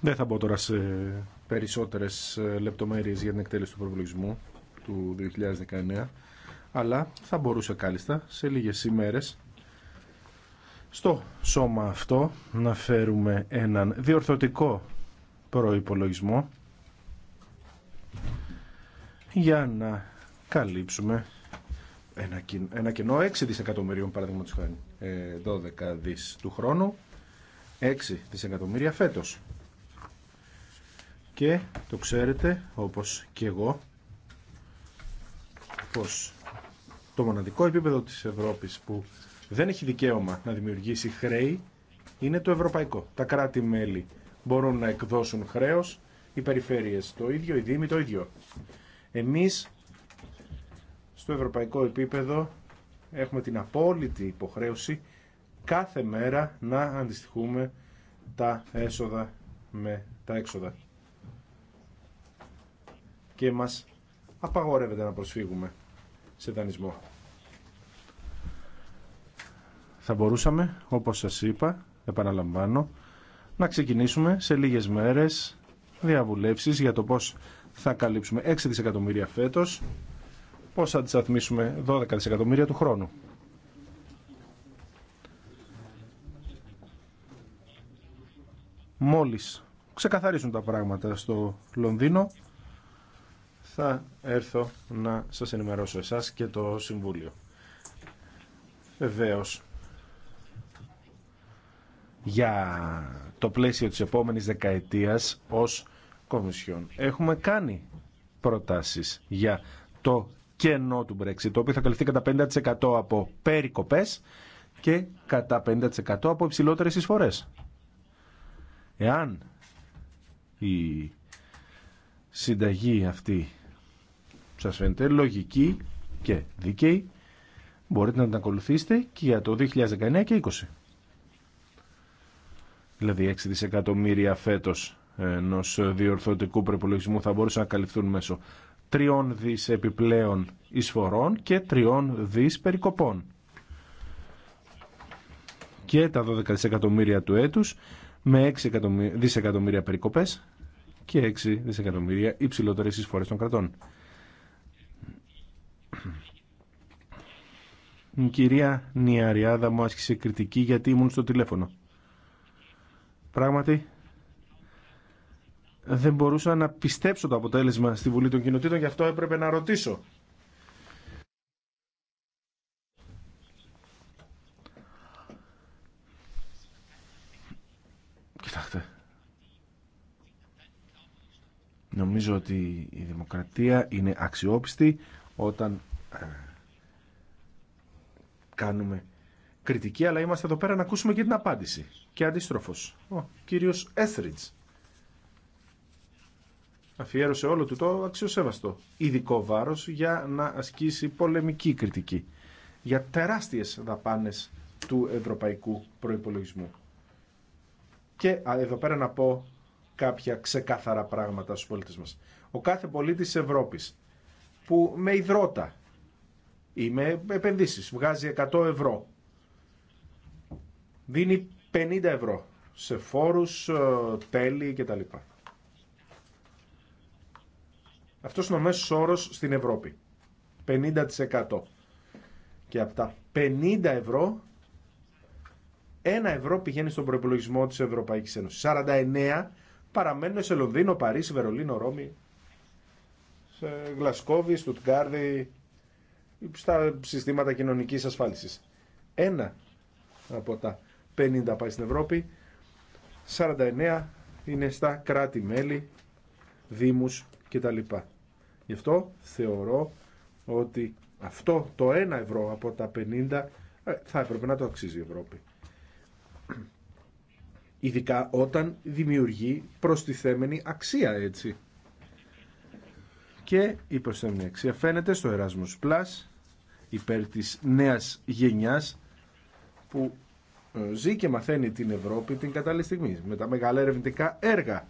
Δεν θα μπω τώρα σε περισσότερες ε, λεπτομέρειες για την εκτέλεση του προβλησμού του 2019 αλλά θα μπορούσε κάλλιστα σε λίγες ημέρες στο σώμα αυτό να φέρουμε έναν διορθωτικό προϋπολογισμό για να καλύψουμε ένα, ένα κενό 6 δισεκατομμυρίων παραδείγματος 12 ε, δις του χρόνου 6 δισεκατομμύρια φέτος και το ξέρετε όπως και εγώ το μοναδικό επίπεδο της Ευρώπης που δεν έχει δικαίωμα να δημιουργήσει χρέη είναι το ευρωπαϊκό. Τα κράτη-μέλη μπορούν να εκδώσουν χρέος, οι περιφέρειες το ίδιο, οι δήμοι το ίδιο. Εμείς στο ευρωπαϊκό επίπεδο έχουμε την απόλυτη υποχρέωση κάθε μέρα να αντιστοιχούμε τα έσοδα με τα έξοδα. Και μας απαγορεύεται να προσφύγουμε σε δανεισμό. Θα μπορούσαμε, όπως σας είπα, επαναλαμβάνω, να ξεκινήσουμε σε λίγες μέρες διαβουλεύσεις για το πώς θα καλύψουμε 6 δισεκατομμύρια φέτος, πώς θα αντισταθμίσουμε 12 δισεκατομμύρια του χρόνου. Μόλις ξεκαθαρίσουν τα πράγματα στο Λονδίνο, θα έρθω να σας ενημερώσω εσάς και το Συμβούλιο. Βεβαίως, για το πλαίσιο της επόμενης δεκαετίας ως Κομισιόν. Έχουμε κάνει προτάσεις για το κενό του Brexit, το οποίο θα καλυφθεί κατά 50% από περικοπές και κατά 50% από υψηλότερες εισφορές. Εάν η συνταγή αυτή σας φαίνεται λογική και δίκαιη, μπορείτε να την ακολουθήσετε και για το 2019 και 20. Δηλαδή 6 δισεκατομμύρια φέτος ενό διορθωτικού προπολογισμού θα μπορούσαν να καλυφθούν μέσω 3 δις επιπλέον εισφορών και 3 δις περικοπών. Και τα 12 δισεκατομμύρια του έτους με 6 δισεκατομμύρια περικοπές και 6 δισεκατομμύρια υψηλότερες εισφορές των κρατών. Η κυρία Νιαριάδα μου άσκησε κριτική γιατί ήμουν στο τηλέφωνο. Πράγματι, δεν μπορούσα να πιστέψω το αποτέλεσμα στη Βουλή των Κοινοτήτων, γι' αυτό έπρεπε να ρωτήσω. Κοιτάξτε. Νομίζω ότι η δημοκρατία είναι αξιόπιστη όταν ε, κάνουμε κριτική, αλλά είμαστε εδώ πέρα να ακούσουμε και την απάντηση. Και αντίστροφο. ο κύριος Έθριτς αφιέρωσε όλο του το αξιοσέβαστο ειδικό βάρο για να ασκήσει πολεμική κριτική για τεράστιε δαπάνες του ευρωπαϊκού προϋπολογισμού. Και εδώ πέρα να πω κάποια ξεκάθαρα πράγματα στους πολίτες μας. Ο κάθε πολίτης της Ευρώπης που με υδρότα ή με επενδύσεις. Βγάζει 100 ευρώ. Δίνει 50 ευρώ σε φόρους, ε, τέλη κτλ. Αυτό είναι ο μέσο όρος στην Ευρώπη. 50%. Και από τα 50 ευρώ, 1 ευρώ πηγαίνει στον προπολογισμό της Ευρωπαϊκή Ένωση. 49 παραμένουν σε Λονδίνο, Παρίσι, Βερολίνο, Ρώμη, σε Γλασκόβη, Στουτγκάρδη, στα συστήματα κοινωνικής ασφάλισης. Ένα από τα 50 πάει στην Ευρώπη, 49 είναι στα κράτη-μέλη, δήμους κτλ. Γι' αυτό θεωρώ ότι αυτό το 1 ευρώ από τα 50 ε, θα έπρεπε να το αξίζει η Ευρώπη. Ειδικά όταν δημιουργεί προστιθέμενη αξία έτσι και η προσθέμενη αξία φαίνεται στο Erasmus υπέρ της νέας γενιάς που ε, ζει και μαθαίνει την Ευρώπη την κατάλληλη στιγμή με τα μεγάλα ερευνητικά έργα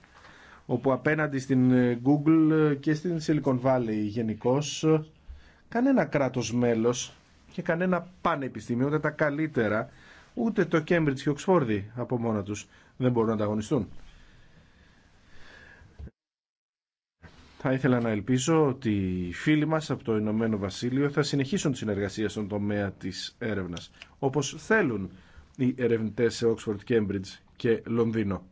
όπου απέναντι στην ε, Google και στην Silicon Valley γενικώ κανένα κράτος μέλος και κανένα πανεπιστήμιο ούτε τα καλύτερα ούτε το Cambridge και Oxford από μόνα τους δεν μπορούν να ανταγωνιστούν. Θα ήθελα να ελπίζω ότι οι φίλοι μας από το Ηνωμένο Βασίλειο θα συνεχίσουν τη συνεργασία στον τομέα της έρευνας, όπως θέλουν οι ερευνητές σε Oxford, Cambridge και Λονδίνο,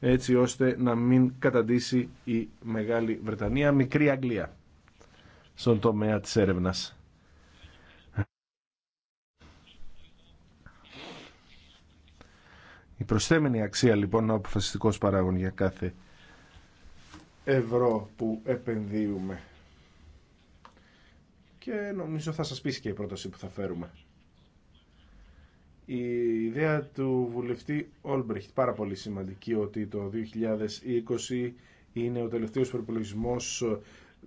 έτσι ώστε να μην καταντήσει η Μεγάλη Βρετανία, μικρή Αγγλία, στον τομέα της έρευνας. Η προσθέμενη αξία λοιπόν ο αποφασιστικός παράγων για κάθε ευρώ που επενδύουμε. Και νομίζω θα σας πείσει και η πρόταση που θα φέρουμε. Η ιδέα του βουλευτή Όλμπριχτ, πάρα πολύ σημαντική, ότι το 2020 είναι ο τελευταίος προπολογισμό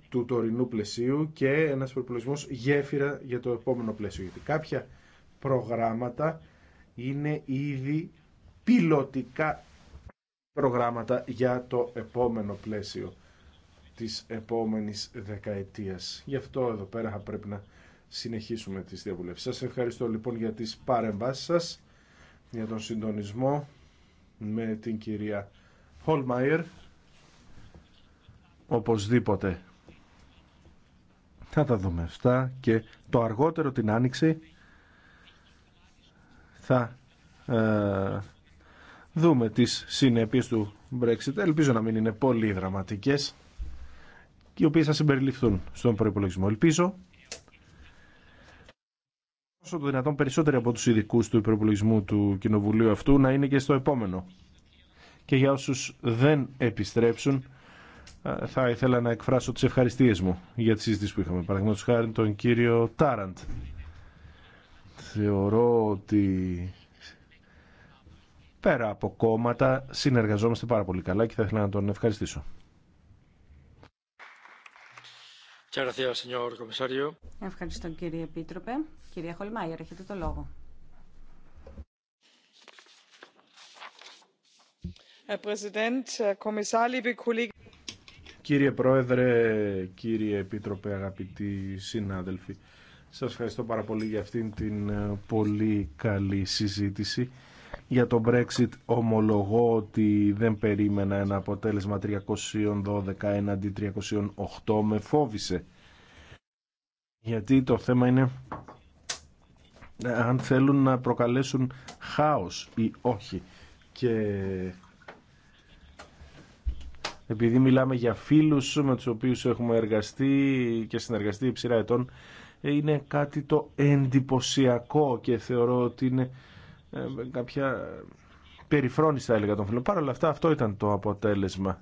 του τωρινού πλαισίου και ένας προπολογισμό γέφυρα για το επόμενο πλαίσιο. Γιατί κάποια προγράμματα είναι ήδη πιλωτικά προγράμματα για το επόμενο πλαίσιο της επόμενης δεκαετίας. Γι' αυτό εδώ πέρα θα πρέπει να συνεχίσουμε τις διαβουλεύσεις. Σας ευχαριστώ λοιπόν για τις παρεμβάσεις σας, για τον συντονισμό με την κυρία Χολμαϊρ. Οπωσδήποτε θα τα δούμε αυτά και το αργότερο την άνοιξη θα ε, δούμε τις συνέπειες του Brexit. Ελπίζω να μην είναι πολύ δραματικές, οι οποίες θα συμπεριληφθούν στον προϋπολογισμό. Ελπίζω όσο το δυνατόν περισσότεροι από τους ειδικού του προϋπολογισμού του Κοινοβουλίου αυτού να είναι και στο επόμενο. Και για όσους δεν επιστρέψουν, θα ήθελα να εκφράσω τις ευχαριστίες μου για τη συζήτηση που είχαμε. Παραδείγματος χάρη τον κύριο Τάραντ. Θεωρώ ότι πέρα από κόμματα συνεργαζόμαστε πάρα πολύ καλά και θα ήθελα να τον ευχαριστήσω. Ευχαριστώ κύριε Επίτροπε. Κυρία Χολμάιερ, έχετε το λόγο. Κύριε Πρόεδρε, κύριε Επίτροπε, αγαπητοί συνάδελφοι, σας ευχαριστώ πάρα πολύ για αυτήν την ε, πολύ καλή συζήτηση. Για το Brexit ομολογώ ότι δεν περίμενα ένα αποτέλεσμα 312 έναντι 308 με φόβησε. Γιατί το θέμα είναι αν θέλουν να προκαλέσουν χάος ή όχι. Και επειδή μιλάμε για φίλους με τους οποίους έχουμε εργαστεί και συνεργαστεί υψηρά ετών, είναι κάτι το εντυπωσιακό και θεωρώ ότι είναι ε, κάποια περιφρόνηση θα έλεγα των φίλων. Παρ' όλα αυτά αυτό ήταν το αποτέλεσμα.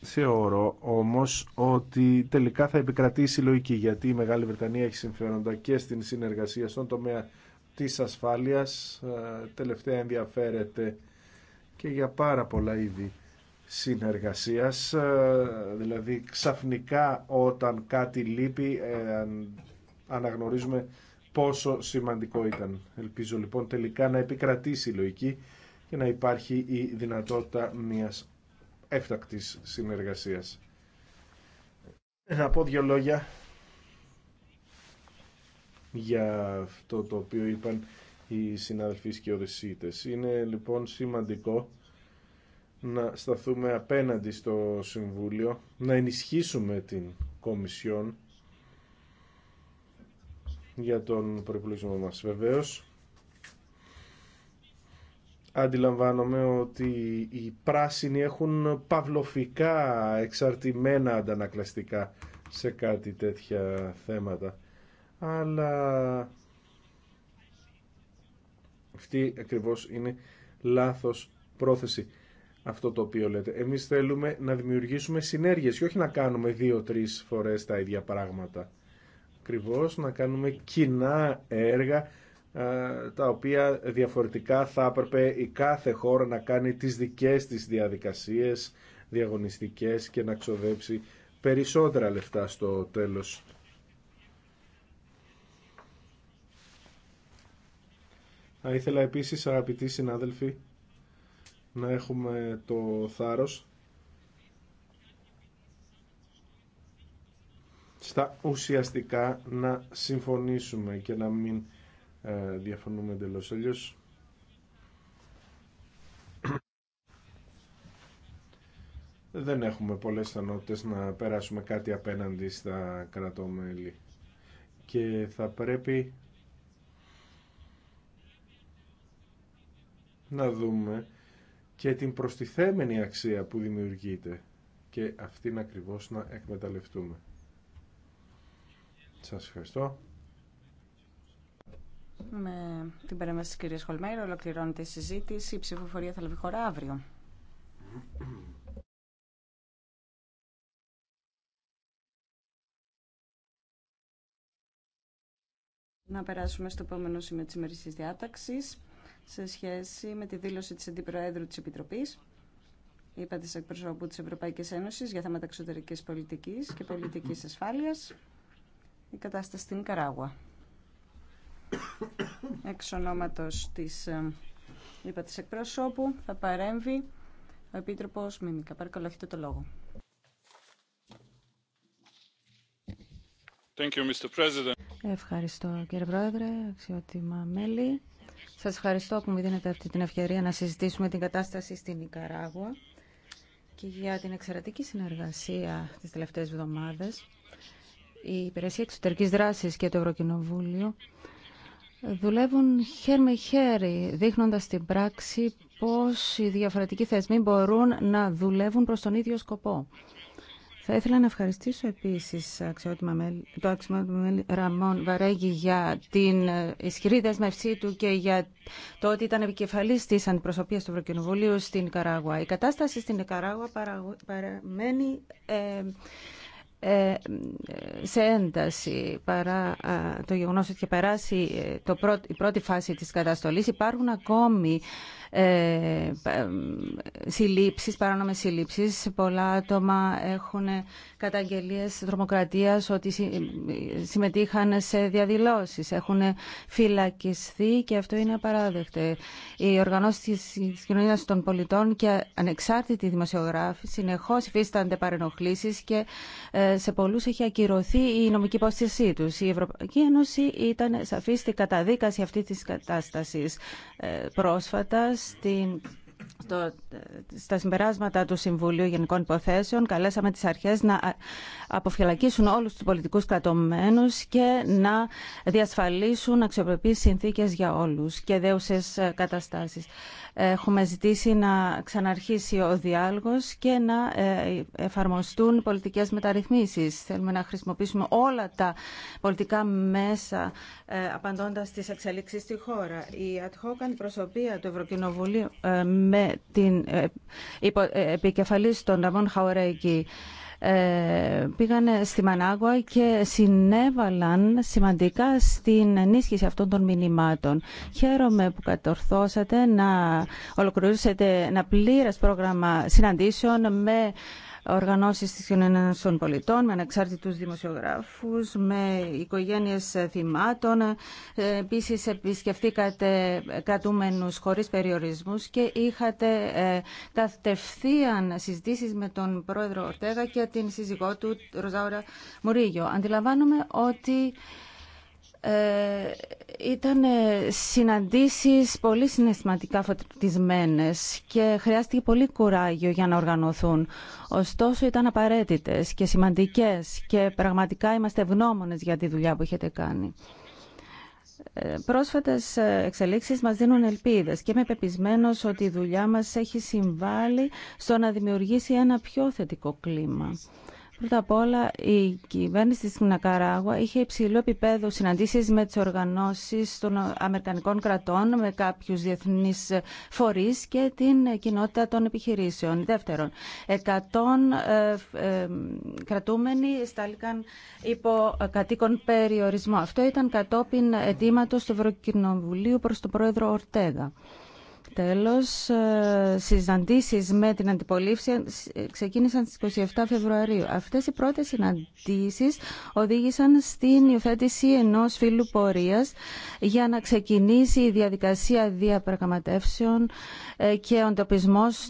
Θεωρώ όμως ότι τελικά θα επικρατήσει η λογική γιατί η Μεγάλη Βρετανία έχει συμφέροντα και στην συνεργασία στον τομέα της ασφάλειας ε, τελευταία ενδιαφέρεται και για πάρα πολλά είδη συνεργασίας ε, δηλαδή ξαφνικά όταν κάτι λείπει αναγνωρίζουμε πόσο σημαντικό ήταν. Ελπίζω λοιπόν τελικά να επικρατήσει η λογική και να υπάρχει η δυνατότητα μιας έφτακτης συνεργασίας. Να πω δύο λόγια για αυτό το οποίο είπαν οι συναδελφοί και οδησίτες. Είναι λοιπόν σημαντικό να σταθούμε απέναντι στο Συμβούλιο, να ενισχύσουμε την Κομισιόν για τον προϋπολογισμό μας. Βεβαίως, αντιλαμβάνομαι ότι οι πράσινοι έχουν παυλοφικά εξαρτημένα αντανακλαστικά σε κάτι τέτοια θέματα. Αλλά αυτή ακριβώς είναι λάθος πρόθεση αυτό το οποίο λέτε. Εμείς θέλουμε να δημιουργήσουμε συνέργειες και όχι να κάνουμε δύο-τρεις φορές τα ίδια πράγματα ακριβώ να κάνουμε κοινά έργα τα οποία διαφορετικά θα έπρεπε η κάθε χώρα να κάνει τις δικές της διαδικασίες διαγωνιστικές και να ξοδέψει περισσότερα λεφτά στο τέλος. Θα ήθελα επίσης αγαπητοί συνάδελφοι να έχουμε το θάρρος στα ουσιαστικά να συμφωνήσουμε και να μην ε, διαφωνούμε εντελώς. Αλλιώς δεν έχουμε πολλές θανότητες να περάσουμε κάτι απέναντι στα κρατόμελη και θα πρέπει να δούμε και την προστιθέμενη αξία που δημιουργείται και αυτήν ακριβώς να εκμεταλλευτούμε. Σας ευχαριστώ. Με την παρέμβαση της κυρίας Χολμέιρα ολοκληρώνεται η συζήτηση. Η ψηφοφορία θα λάβει χώρα αύριο. Να περάσουμε στο επόμενο σημείο της ημερησής διάταξης σε σχέση με τη δήλωση της Αντιπροέδρου της Επιτροπής είπα της εκπροσώπου της Ευρωπαϊκής Ένωσης για θέματα εξωτερικής πολιτικής και πολιτικής ασφάλειας η κατάσταση στην Καράγουα. Εξ ονόματος της ε, είπα της εκπρόσωπου θα παρέμβει ο Επίτροπος Μίμικα. Παρακαλώ, έχετε το λόγο. Thank you, Mr. President. Ευχαριστώ κύριε Πρόεδρε, αξιότιμα μέλη. Σας ευχαριστώ που μου δίνετε αυτή την ευκαιρία να συζητήσουμε την κατάσταση στην Νικαράγουα και για την εξαιρετική συνεργασία τις τελευταίες εβδομάδες η Υπηρεσία εξωτερική δράση και το Ευρωκοινοβούλιο δουλεύουν χέρι με χέρι, δείχνοντα στην πράξη πώς οι διαφορετικοί θεσμοί μπορούν να δουλεύουν προς τον ίδιο σκοπό. Θα ήθελα να ευχαριστήσω επίσης το αξιότιμο μέλη Ραμόν Βαρέγγι για την ισχυρή δέσμευσή του και για το ότι ήταν επικεφαλής της αντιπροσωπεία του Ευρωκοινοβουλίου στην Καράγουα. Η κατάσταση στην Καράγουα παραμένει... Ε, ε, σε ένταση παρά το γεγονός ότι είχε περάσει ε, το πρώτη, η πρώτη φάση της καταστολής υπάρχουν ακόμη ε, συλλήψεις, παράνομες συλλήψεις. Πολλά άτομα έχουν καταγγελίες τρομοκρατίας ότι συμμετείχαν σε διαδηλώσεις. Έχουν φυλακιστεί και αυτό είναι απαράδεκτο. Οι οργανώσεις της κοινωνίας των πολιτών και ανεξάρτητοι δημοσιογράφοι συνεχώς υφίστανται παρενοχλήσεις και ε, σε πολλούς έχει ακυρωθεί η νομική υπόστησή τους. Η Ευρωπαϊκή Ένωση ήταν σαφή στη καταδίκαση αυτή της κατάστασης ε, πρόσφατα στην στα συμπεράσματα του Συμβουλίου Γενικών Υποθέσεων καλέσαμε τις αρχές να αποφυλακίσουν όλους τους πολιτικούς κρατωμένους και να διασφαλίσουν αξιοπρεπείς συνθήκες για όλους και δέουσες ε, καταστάσεις έχουμε ζητήσει να ξαναρχίσει ο διάλογος και να ε, εφαρμοστούν πολιτικές μεταρρυθμίσεις. Θέλουμε να χρησιμοποιήσουμε όλα τα πολιτικά μέσα ε, απαντώντας στις εξελίξεις στη χώρα. Η ad hoc αντιπροσωπεία του Ευρωκοινοβουλίου ε, με την επικεφαλής των Ραμών Χαουρέκη ε, πήγαν στη Μανάγουα και συνέβαλαν σημαντικά στην ενίσχυση αυτών των μηνυμάτων. Χαίρομαι που κατορθώσατε να ολοκληρώσετε ένα πλήρες πρόγραμμα συναντήσεων με Οργανώσει τη κοινωνίας των πολιτών, με ανεξάρτητου δημοσιογράφους, με οικογένειε θυμάτων. Ε, επίσης επισκεφτήκατε κρατούμενου χωρί περιορισμούς και είχατε κατευθείαν ε, συζητήσει με τον πρόεδρο Ορτέγα και την σύζυγό του Ροζάουρα Μουρίγιο. Αντιλαμβάνομαι ότι ε, ήταν ε, συναντήσεις πολύ συναισθηματικά φωτισμένες και χρειάστηκε πολύ κουράγιο για να οργανωθούν. Ωστόσο ήταν απαραίτητες και σημαντικές και πραγματικά είμαστε ευγνώμονες για τη δουλειά που έχετε κάνει. Ε, πρόσφατες εξελίξεις μας δίνουν ελπίδες και είμαι πεπισμένος ότι η δουλειά μας έχει συμβάλει στο να δημιουργήσει ένα πιο θετικό κλίμα. Πρώτα απ' όλα, η κυβέρνηση της Νακαράγουα είχε υψηλό επίπεδο συναντήσεις με τις οργανώσεις των Αμερικανικών κρατών, με κάποιους διεθνείς φορείς και την κοινότητα των επιχειρήσεων. Δεύτερον, 100 ε, ε, κρατούμενοι στάληκαν υπό κατοίκον περιορισμό. Αυτό ήταν κατόπιν αιτήματο του Ευρωκοινοβουλίου προς τον πρόεδρο Ορτέγα. Τέλος, ε, συναντήσεις με την αντιπολίτευση ξεκίνησαν στις 27 Φεβρουαρίου. Αυτές οι πρώτες συναντήσεις οδήγησαν στην υιοθέτηση ενός φίλου πορείας για να ξεκινήσει η διαδικασία διαπραγματεύσεων ε, και ο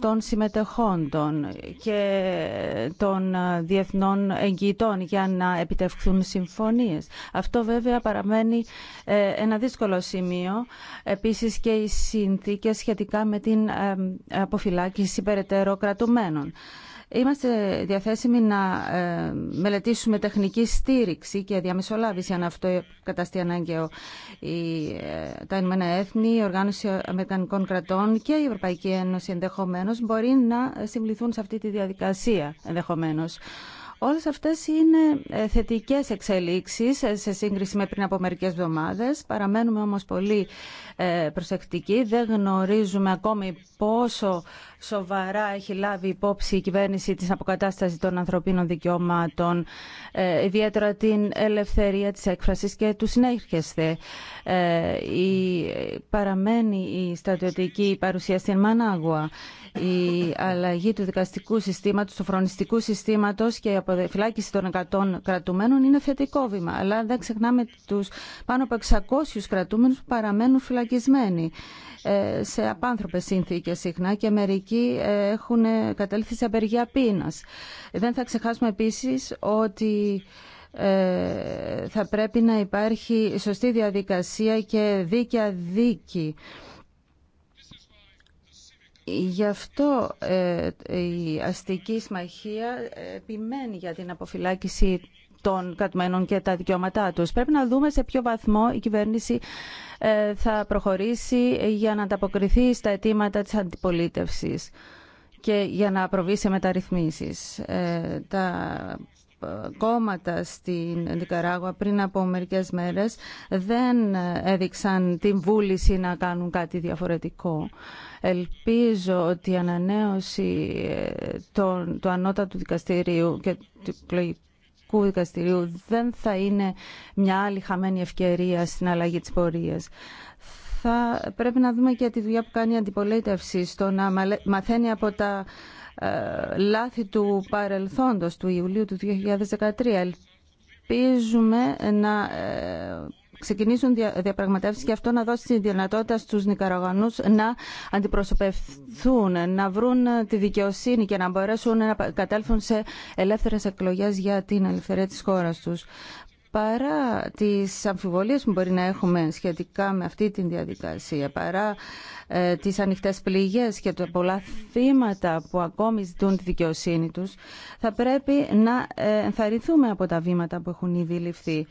των συμμετεχόντων και των ε, διεθνών εγγυητών για να επιτευχθούν συμφωνίες. Αυτό βέβαια παραμένει ένα δύσκολο σημείο. Επίσης και οι συνθήκες σχετικά με την ε, αποφυλάκηση περαιτέρω κρατουμένων. Είμαστε διαθέσιμοι να ε, μελετήσουμε τεχνική στήριξη και διαμεσολάβηση αν αυτό καταστεί ανάγκαιο. Ε, τα Ηνωμένα Έθνη, η Οργάνωση Αμερικανικών Κρατών και η Ευρωπαϊκή Ένωση ενδεχομένως μπορεί να συμβληθούν σε αυτή τη διαδικασία ενδεχομένως. Όλες αυτές είναι ε, θετικές εξελίξεις ε, σε σύγκριση με πριν από μερικές εβδομάδες. Παραμένουμε όμως πολύ ε, προσεκτικοί. Δεν γνωρίζουμε ακόμη πόσο σοβαρά έχει λάβει υπόψη η κυβέρνηση της αποκατάσταση των ανθρωπίνων δικαιωμάτων, ε, ιδιαίτερα την ελευθερία της έκφρασης και του συνέχιστε. Ε, η, παραμένει η στρατιωτική παρουσία στην Μανάγουα η αλλαγή του δικαστικού συστήματος, του φρονιστικού συστήματος και η αποφυλάκηση των 100 κρατουμένων είναι θετικό βήμα. Αλλά δεν ξεχνάμε τους πάνω από 600 κρατούμενους που παραμένουν φυλακισμένοι. Ε, σε απάνθρωπες συνθήκες συχνά και μερικοί ε, έχουν ε, κατέλθει σε απεργία πείνας. Δεν θα ξεχάσουμε επίσης ότι θα πρέπει να υπάρχει σωστή διαδικασία και δίκαια δίκη. Γι' αυτό η αστική συμμαχία επιμένει για την αποφυλάκηση των κατμένων και τα δικαιώματά τους. Πρέπει να δούμε σε ποιο βαθμό η κυβέρνηση ε, θα προχωρήσει για να ανταποκριθεί στα αιτήματα της αντιπολίτευσης και για να προβεί σε μεταρρυθμίσεις. Ε, τα ε, κόμματα στην Νικαράγουα πριν από μερικές μέρες δεν έδειξαν την βούληση να κάνουν κάτι διαφορετικό. Ελπίζω ότι η ανανέωση του ανώτατου δικαστηρίου και του Ευρωπαϊκού Δικαστηρίου δεν θα είναι μια άλλη χαμένη ευκαιρία στην αλλαγή της πορείας. Θα πρέπει να δούμε και τη δουλειά που κάνει η αντιπολίτευση στο να μαθαίνει από τα ε, λάθη του παρελθόντος του Ιουλίου του 2013. Ελπίζουμε να ε, ξεκινήσουν διαπραγματεύσεις και αυτό να δώσει τη δυνατότητα στους Νικαραγανού να αντιπροσωπευθούν, να βρουν τη δικαιοσύνη και να μπορέσουν να κατέλθουν σε ελεύθερες εκλογές για την ελευθερία τη χώρα τους. Παρά τις αμφιβολίες που μπορεί να έχουμε σχετικά με αυτή τη διαδικασία, παρά ε, τις ανοιχτές και τα πολλά θύματα που ακόμη ζητούν τη δικαιοσύνη τους, θα πρέπει να ε, ενθαρρυνθούμε από τα βήματα που έχουν ήδη ληφθεί.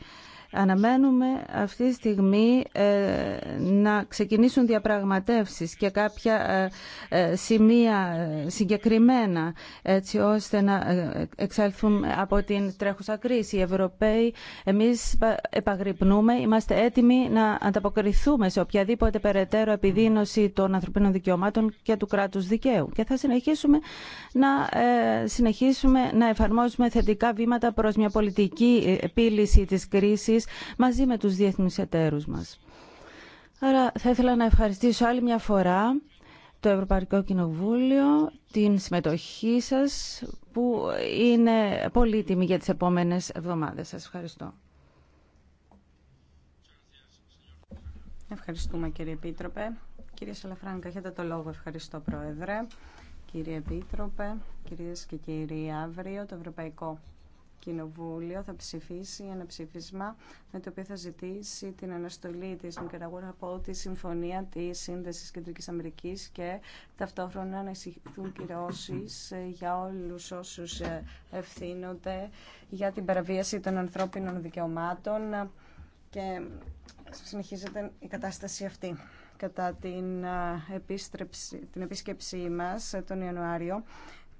Αναμένουμε αυτή τη στιγμή ε, να ξεκινήσουν διαπραγματεύσεις και κάποια ε, ε, σημεία συγκεκριμένα έτσι ώστε να εξέλθουμε από την τρέχουσα κρίση. Οι Ευρωπαίοι εμείς επαγρυπνούμε, είμαστε έτοιμοι να ανταποκριθούμε σε οποιαδήποτε περαιτέρω επιδείνωση των ανθρωπίνων δικαιωμάτων και του κράτους δικαίου και θα συνεχίσουμε να συνεχίσουμε να εφαρμόζουμε θετικά βήματα προς μια πολιτική επίλυση της κρίσης μαζί με τους διεθνείς εταίρους μας. Άρα θα ήθελα να ευχαριστήσω άλλη μια φορά το Ευρωπαϊκό Κοινοβούλιο, την συμμετοχή σας που είναι πολύτιμη για τις επόμενες εβδομάδες. Σας ευχαριστώ. Ευχαριστούμε κύριε Επίτροπε. Κύριε Σαλαφράνκα, έχετε το λόγο. Ευχαριστώ Πρόεδρε. Κύριε Επίτροπε, κυρίες και κύριοι, αύριο το Ευρωπαϊκό Κοινοβούλιο θα ψηφίσει ένα ψήφισμα με το οποίο θα ζητήσει την αναστολή της Νικαραγούρα από τη Συμφωνία της Σύνδεσης Κεντρικής Αμερικής και ταυτόχρονα να εισηγηθούν κυρώσεις για όλους όσους ε, ευθύνονται για την παραβίαση των ανθρώπινων δικαιωμάτων και συνεχίζεται η κατάσταση αυτή. Κατά την, ε, επίστρεψη, την επίσκεψή μας τον Ιανουάριο,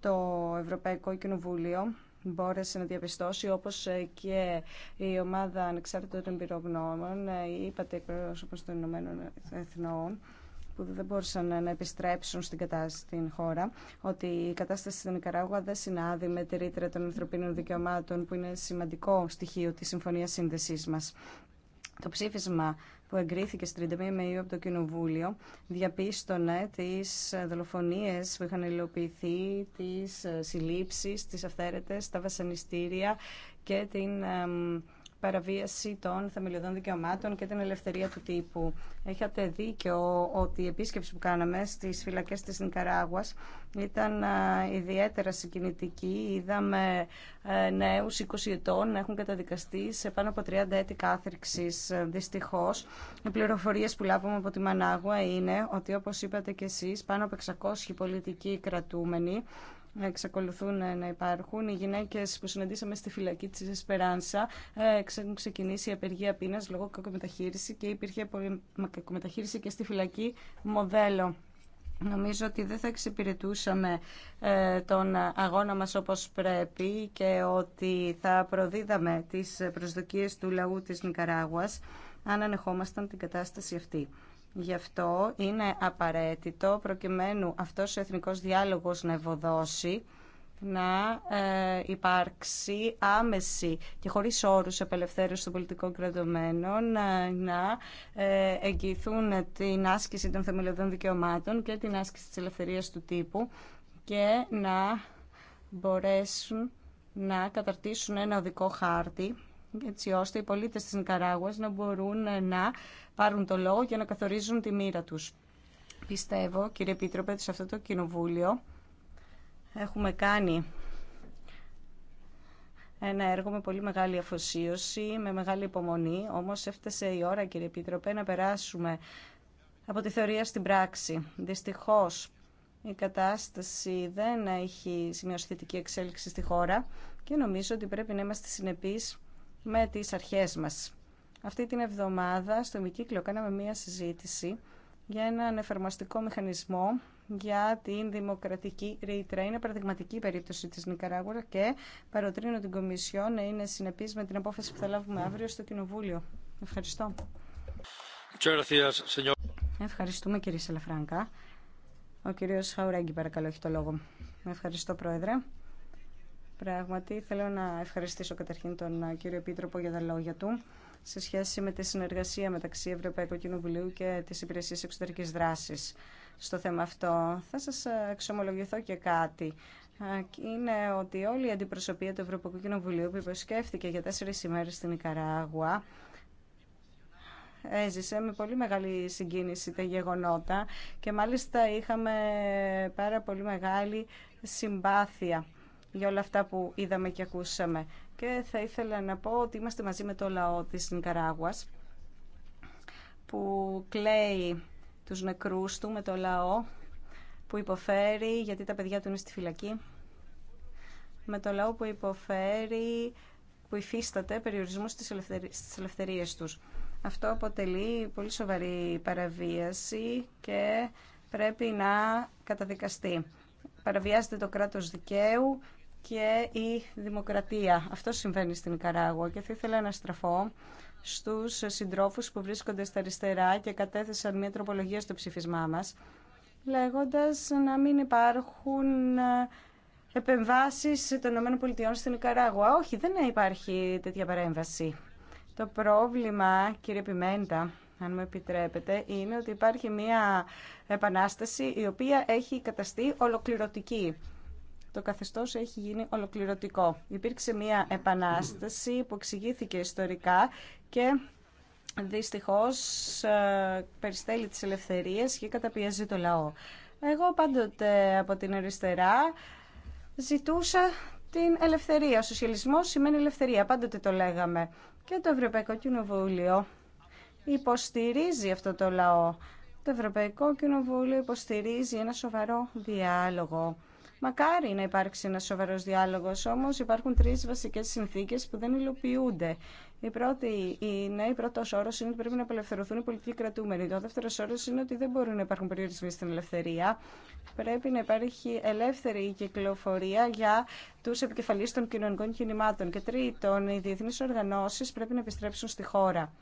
το Ευρωπαϊκό Κοινοβούλιο μπόρεσε να διαπιστώσει, όπως ε, και η ομάδα ανεξάρτητων των πυρογνώμων, ε, είπατε εκπρόσωπος των Ηνωμένων Εθνών, που δεν μπορούσαν να επιστρέψουν στην, κατάσταση στην χώρα, ότι η κατάσταση στην Νικαράγουα δεν συνάδει με τη ρήτρα των ανθρωπίνων δικαιωμάτων, που είναι σημαντικό στοιχείο της Συμφωνίας Σύνδεσής μας. Το ψήφισμα που εγκρίθηκε στις 31 Μαΐου από το Κοινοβούλιο διαπίστωνε τις δολοφονίες που είχαν υλοποιηθεί, τις συλλήψεις, τις αυθαίρετες, τα βασανιστήρια και την παραβίαση των θεμελιωδών δικαιωμάτων και την ελευθερία του τύπου. Έχετε δίκιο ότι η επίσκεψη που κάναμε στις φυλακές της Νικαράγουας ήταν ιδιαίτερα συγκινητική. Είδαμε ε, νέους 20 ετών να έχουν καταδικαστεί σε πάνω από 30 έτη κάθριξης. Δυστυχώς, οι πληροφορίες που λάβουμε από τη Μανάγουα είναι ότι, όπως είπατε και εσείς, πάνω από 600 πολιτικοί κρατούμενοι εξακολουθούν να υπάρχουν. Οι γυναίκες που συναντήσαμε στη φυλακή της Εσπεράνσα ε, έχουν ξεκινήσει η απεργία πείνα λόγω κακομεταχείριση και υπήρχε κακομεταχείριση και στη φυλακή μοντέλο. Νομίζω ότι δεν θα εξυπηρετούσαμε ε, τον αγώνα μας όπως πρέπει και ότι θα προδίδαμε τις προσδοκίες του λαού της Νικαράγουας αν ανεχόμασταν την κατάσταση αυτή. Γι' αυτό είναι απαραίτητο προκειμένου αυτός ο εθνικός διάλογος να ευωδώσει να ε, υπάρξει άμεση και χωρίς όρους απελευθέρωση των πολιτικών κρατωμένων ε, να, να ε, εγγυηθούν την άσκηση των θεμελιωδών δικαιωμάτων και την άσκηση της ελευθερίας του τύπου και να μπορέσουν να καταρτήσουν ένα οδικό χάρτη έτσι ώστε οι πολίτες της Νικαράγουας να μπορούν να πάρουν το λόγο για να καθορίζουν τη μοίρα τους. Πιστεύω, κύριε Επίτροπε, ότι σε αυτό το κοινοβούλιο έχουμε κάνει ένα έργο με πολύ μεγάλη αφοσίωση, με μεγάλη υπομονή, όμως έφτασε η ώρα, κύριε Επίτροπε, να περάσουμε από τη θεωρία στην πράξη. Δυστυχώς, η κατάσταση δεν έχει σημειώσει θετική εξέλιξη στη χώρα και νομίζω ότι πρέπει να είμαστε συνεπείς με τις αρχές μας. Αυτή την εβδομάδα στο Μικύκλιο κάναμε μία συζήτηση για έναν εφαρμοστικό μηχανισμό για την δημοκρατική ρήτρα. Είναι παραδειγματική η περίπτωση της Νικαράγουρα και παροτρύνω την Κομισιό να είναι συνεπής με την απόφαση που θα λάβουμε αύριο στο Κοινοβούλιο. Ευχαριστώ. Ευχαριστούμε κύριε Σελαφράγκα. Ο κύριος Χαουρέγγι παρακαλώ έχει το λόγο. Ευχαριστώ πρόεδρε. Πράγματι, θέλω να ευχαριστήσω καταρχήν τον κύριο Επίτροπο για τα λόγια του σε σχέση με τη συνεργασία μεταξύ Ευρωπαϊκού Κοινοβουλίου και τη Υπηρεσία Εξωτερικής δράση στο θέμα αυτό. Θα σα εξομολογηθώ και κάτι. Είναι ότι όλη η αντιπροσωπεία του Ευρωπαϊκού Κοινοβουλίου που υποσκέφθηκε για τέσσερι ημέρε στην Ικαράγουα έζησε με πολύ μεγάλη συγκίνηση τα γεγονότα και μάλιστα είχαμε πάρα πολύ μεγάλη συμπάθεια για όλα αυτά που είδαμε και ακούσαμε. Και θα ήθελα να πω ότι είμαστε μαζί με το λαό της Νικαράγουας που κλαίει τους νεκρούς του με το λαό που υποφέρει γιατί τα παιδιά του είναι στη φυλακή με το λαό που υποφέρει που υφίσταται περιορισμούς στις ελευθερίες τους. Αυτό αποτελεί πολύ σοβαρή παραβίαση και πρέπει να καταδικαστεί. Παραβιάζεται το κράτος δικαίου και η δημοκρατία. Αυτό συμβαίνει στην Καράγουα και θα ήθελα να στραφώ στους συντρόφους που βρίσκονται στα αριστερά και κατέθεσαν μια τροπολογία στο ψηφισμά μας, λέγοντας να μην υπάρχουν ε, επεμβάσεις των ΗΠΑ στην Ικαράγουα. Όχι, δεν υπάρχει τέτοια παρέμβαση. Το πρόβλημα, κύριε Πιμέντα, αν μου επιτρέπετε, είναι ότι υπάρχει μια επανάσταση η οποία έχει καταστεί ολοκληρωτική το καθεστώς έχει γίνει ολοκληρωτικό. Υπήρξε μια επανάσταση που εξηγήθηκε ιστορικά και δυστυχώς ε, περιστέλει τις ελευθερίες και καταπιέζει το λαό. Εγώ πάντοτε από την αριστερά ζητούσα την ελευθερία. Ο σοσιαλισμός σημαίνει ελευθερία, πάντοτε το λέγαμε. Και το Ευρωπαϊκό Κοινοβούλιο υποστηρίζει αυτό το λαό. Το Ευρωπαϊκό Κοινοβούλιο υποστηρίζει ένα σοβαρό διάλογο Μακάρι να υπάρξει ένα σοβαρό διάλογο, όμω υπάρχουν τρει βασικέ συνθήκε που δεν υλοποιούνται. Η πρώτη είναι, η πρώτο όρο είναι ότι πρέπει να απελευθερωθούν οι πολιτικοί κρατούμενοι. Το δεύτερο όρο είναι ότι δεν μπορούν να υπάρχουν περιορισμοί στην ελευθερία. Πρέπει να υπάρχει ελεύθερη κυκλοφορία για του επικεφαλεί των κοινωνικών κινημάτων. Και τρίτον, οι διεθνεί οργανώσει πρέπει να επιστρέψουν στη χώρα.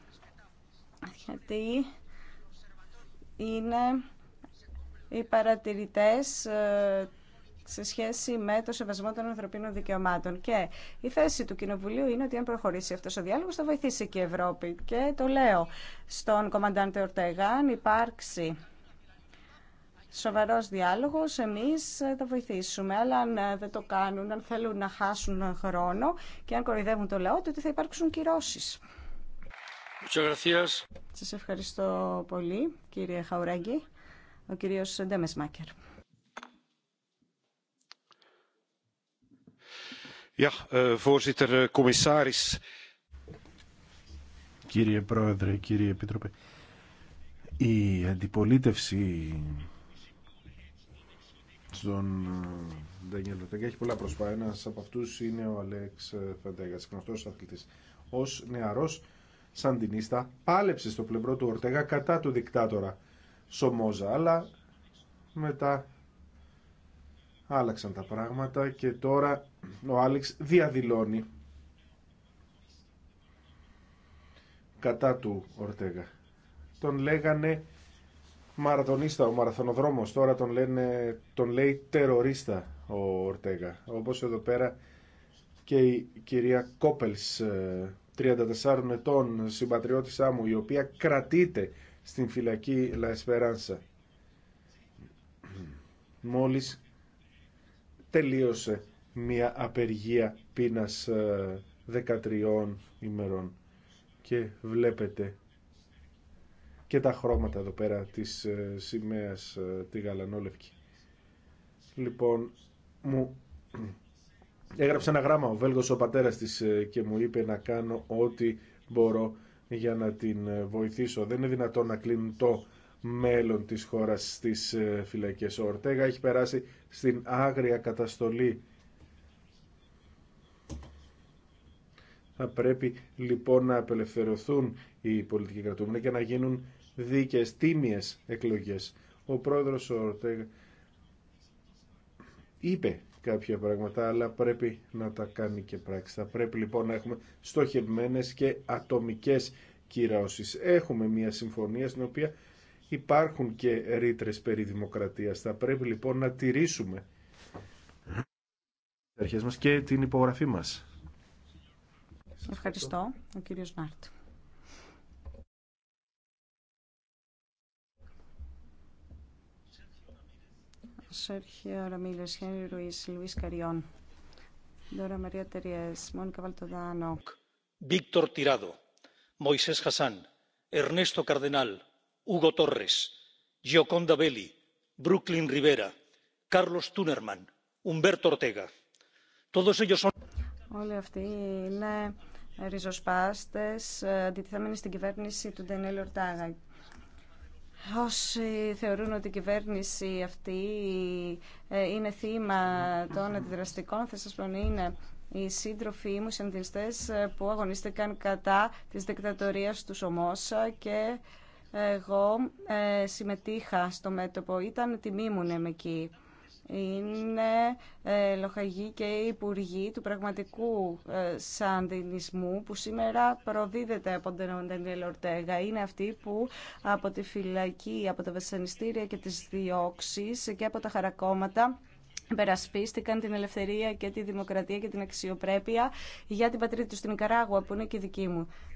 Γιατί είναι οι παρατηρητές ε, σε σχέση με το σεβασμό των ανθρωπίνων δικαιωμάτων. Και η θέση του Κοινοβουλίου είναι ότι αν προχωρήσει αυτό ο διάλογο θα βοηθήσει και η Ευρώπη. Και το λέω στον κομμαντάντε Ορτέγα, αν υπάρξει σοβαρός διάλογος, εμείς θα βοηθήσουμε. Αλλά αν δεν το κάνουν, αν θέλουν να χάσουν χρόνο και αν κοροϊδεύουν το λαό, τότε θα υπάρξουν κυρώσεις. Σας ευχαριστώ πολύ, κύριε Χαουρέγγι. Ο κύριος Μάκερ. Eh, voorzitter, eh, commissaris. Κύριε Πρόεδρε, κύριε Επίτροπε, η αντιπολίτευση στον ε, Ντανιέλ Τα έχει πολλά προσπάθεια. Ένα από αυτού είναι ο Αλέξ ε, Φαντέγκα, γνωστό αθλητή. Ω νεαρό σαντινίστα, πάλεψε στο πλευρό του Ορτέγα κατά του δικτάτορα Σομόζα, αλλά μετά άλλαξαν τα πράγματα και τώρα ο Άλεξ διαδηλώνει κατά του Ορτέγα. Τον λέγανε μαραθωνίστα, ο μαραθωνοδρόμος, τώρα τον, λένε, τον λέει τερορίστα ο Ορτέγα. Όπως εδώ πέρα και η κυρία Κόπελς, 34 ε, ετών, συμπατριώτησά μου, η οποία κρατείται στην φυλακή Λα Εσπεράνσα. Μόλις τελείωσε μια απεργία πείνας 13 ε, ημερών και βλέπετε και τα χρώματα εδώ πέρα της ε, σημαίας ε, τη γαλανόλευκη λοιπόν μου έγραψε ένα γράμμα ο Βέλγος ο πατέρας της και μου είπε να κάνω ό,τι μπορώ για να την βοηθήσω δεν είναι δυνατόν να κλείνουν το μέλλον της χώρας στις φυλακές ο Ορτέγα έχει περάσει στην άγρια καταστολή Θα πρέπει λοιπόν να απελευθερωθούν οι πολιτικοί κρατούμενοι και να γίνουν δίκαιες, τίμιες εκλογές. Ο πρόεδρος Ορτέγ είπε κάποια πράγματα, αλλά πρέπει να τα κάνει και πράξη. Θα πρέπει λοιπόν να έχουμε στοχευμένες και ατομικές κυρώσει. Έχουμε μια συμφωνία στην οποία υπάρχουν και ρήτρε περί δημοκρατίας. Θα πρέπει λοιπόν να τηρήσουμε τις αρχές μας και την υπογραφή μας. Ευχαριστώ, ο κύριος Νάρτ. Σέρχιο Ραμίλε, Χένρι Ρουί, Λουίς Καριόν, Δώρα Μαρία Τεριές, Μόνικα Βαλτοδάνο, Βίκτορ Τυράδο, Μωυσές Χασάν, Ερνέστο Καρδενάλ, Ούγο Τόρρες, Γιοκόντα Βέλη, Μπρούκλιν Ριβέρα, Κάρλος Τούνερμαν, Ουμπέρτο Ορτέγα. Όλοι αυτοί είναι ριζοσπάστες ε, αντιτιθέμενοι στην κυβέρνηση του Ντενέλ Ορτάγα. Όσοι θεωρούν ότι η κυβέρνηση αυτή ε, είναι θύμα των αντιδραστικών, θα σας πω ναι, είναι οι σύντροφοί μου, οι ε, που αγωνίστηκαν κατά της δικτατορίας του Σομόσα και εγώ συμμετείχα στο μέτωπο. Ήταν τιμή μου να είμαι εκεί είναι ε, λοχαγοί και υπουργοί του πραγματικού ε, σαντινισμού που σήμερα προδίδεται από τον Ντανιέλ Ορτέγα. Είναι αυτή που από τη φυλακή, από τα βασανιστήρια και τις διώξεις και από τα χαρακόμματα Περασπίστηκαν την ελευθερία και τη δημοκρατία και την αξιοπρέπεια για την πατρίδα του στην Ικαράγουα, που είναι και δική μου.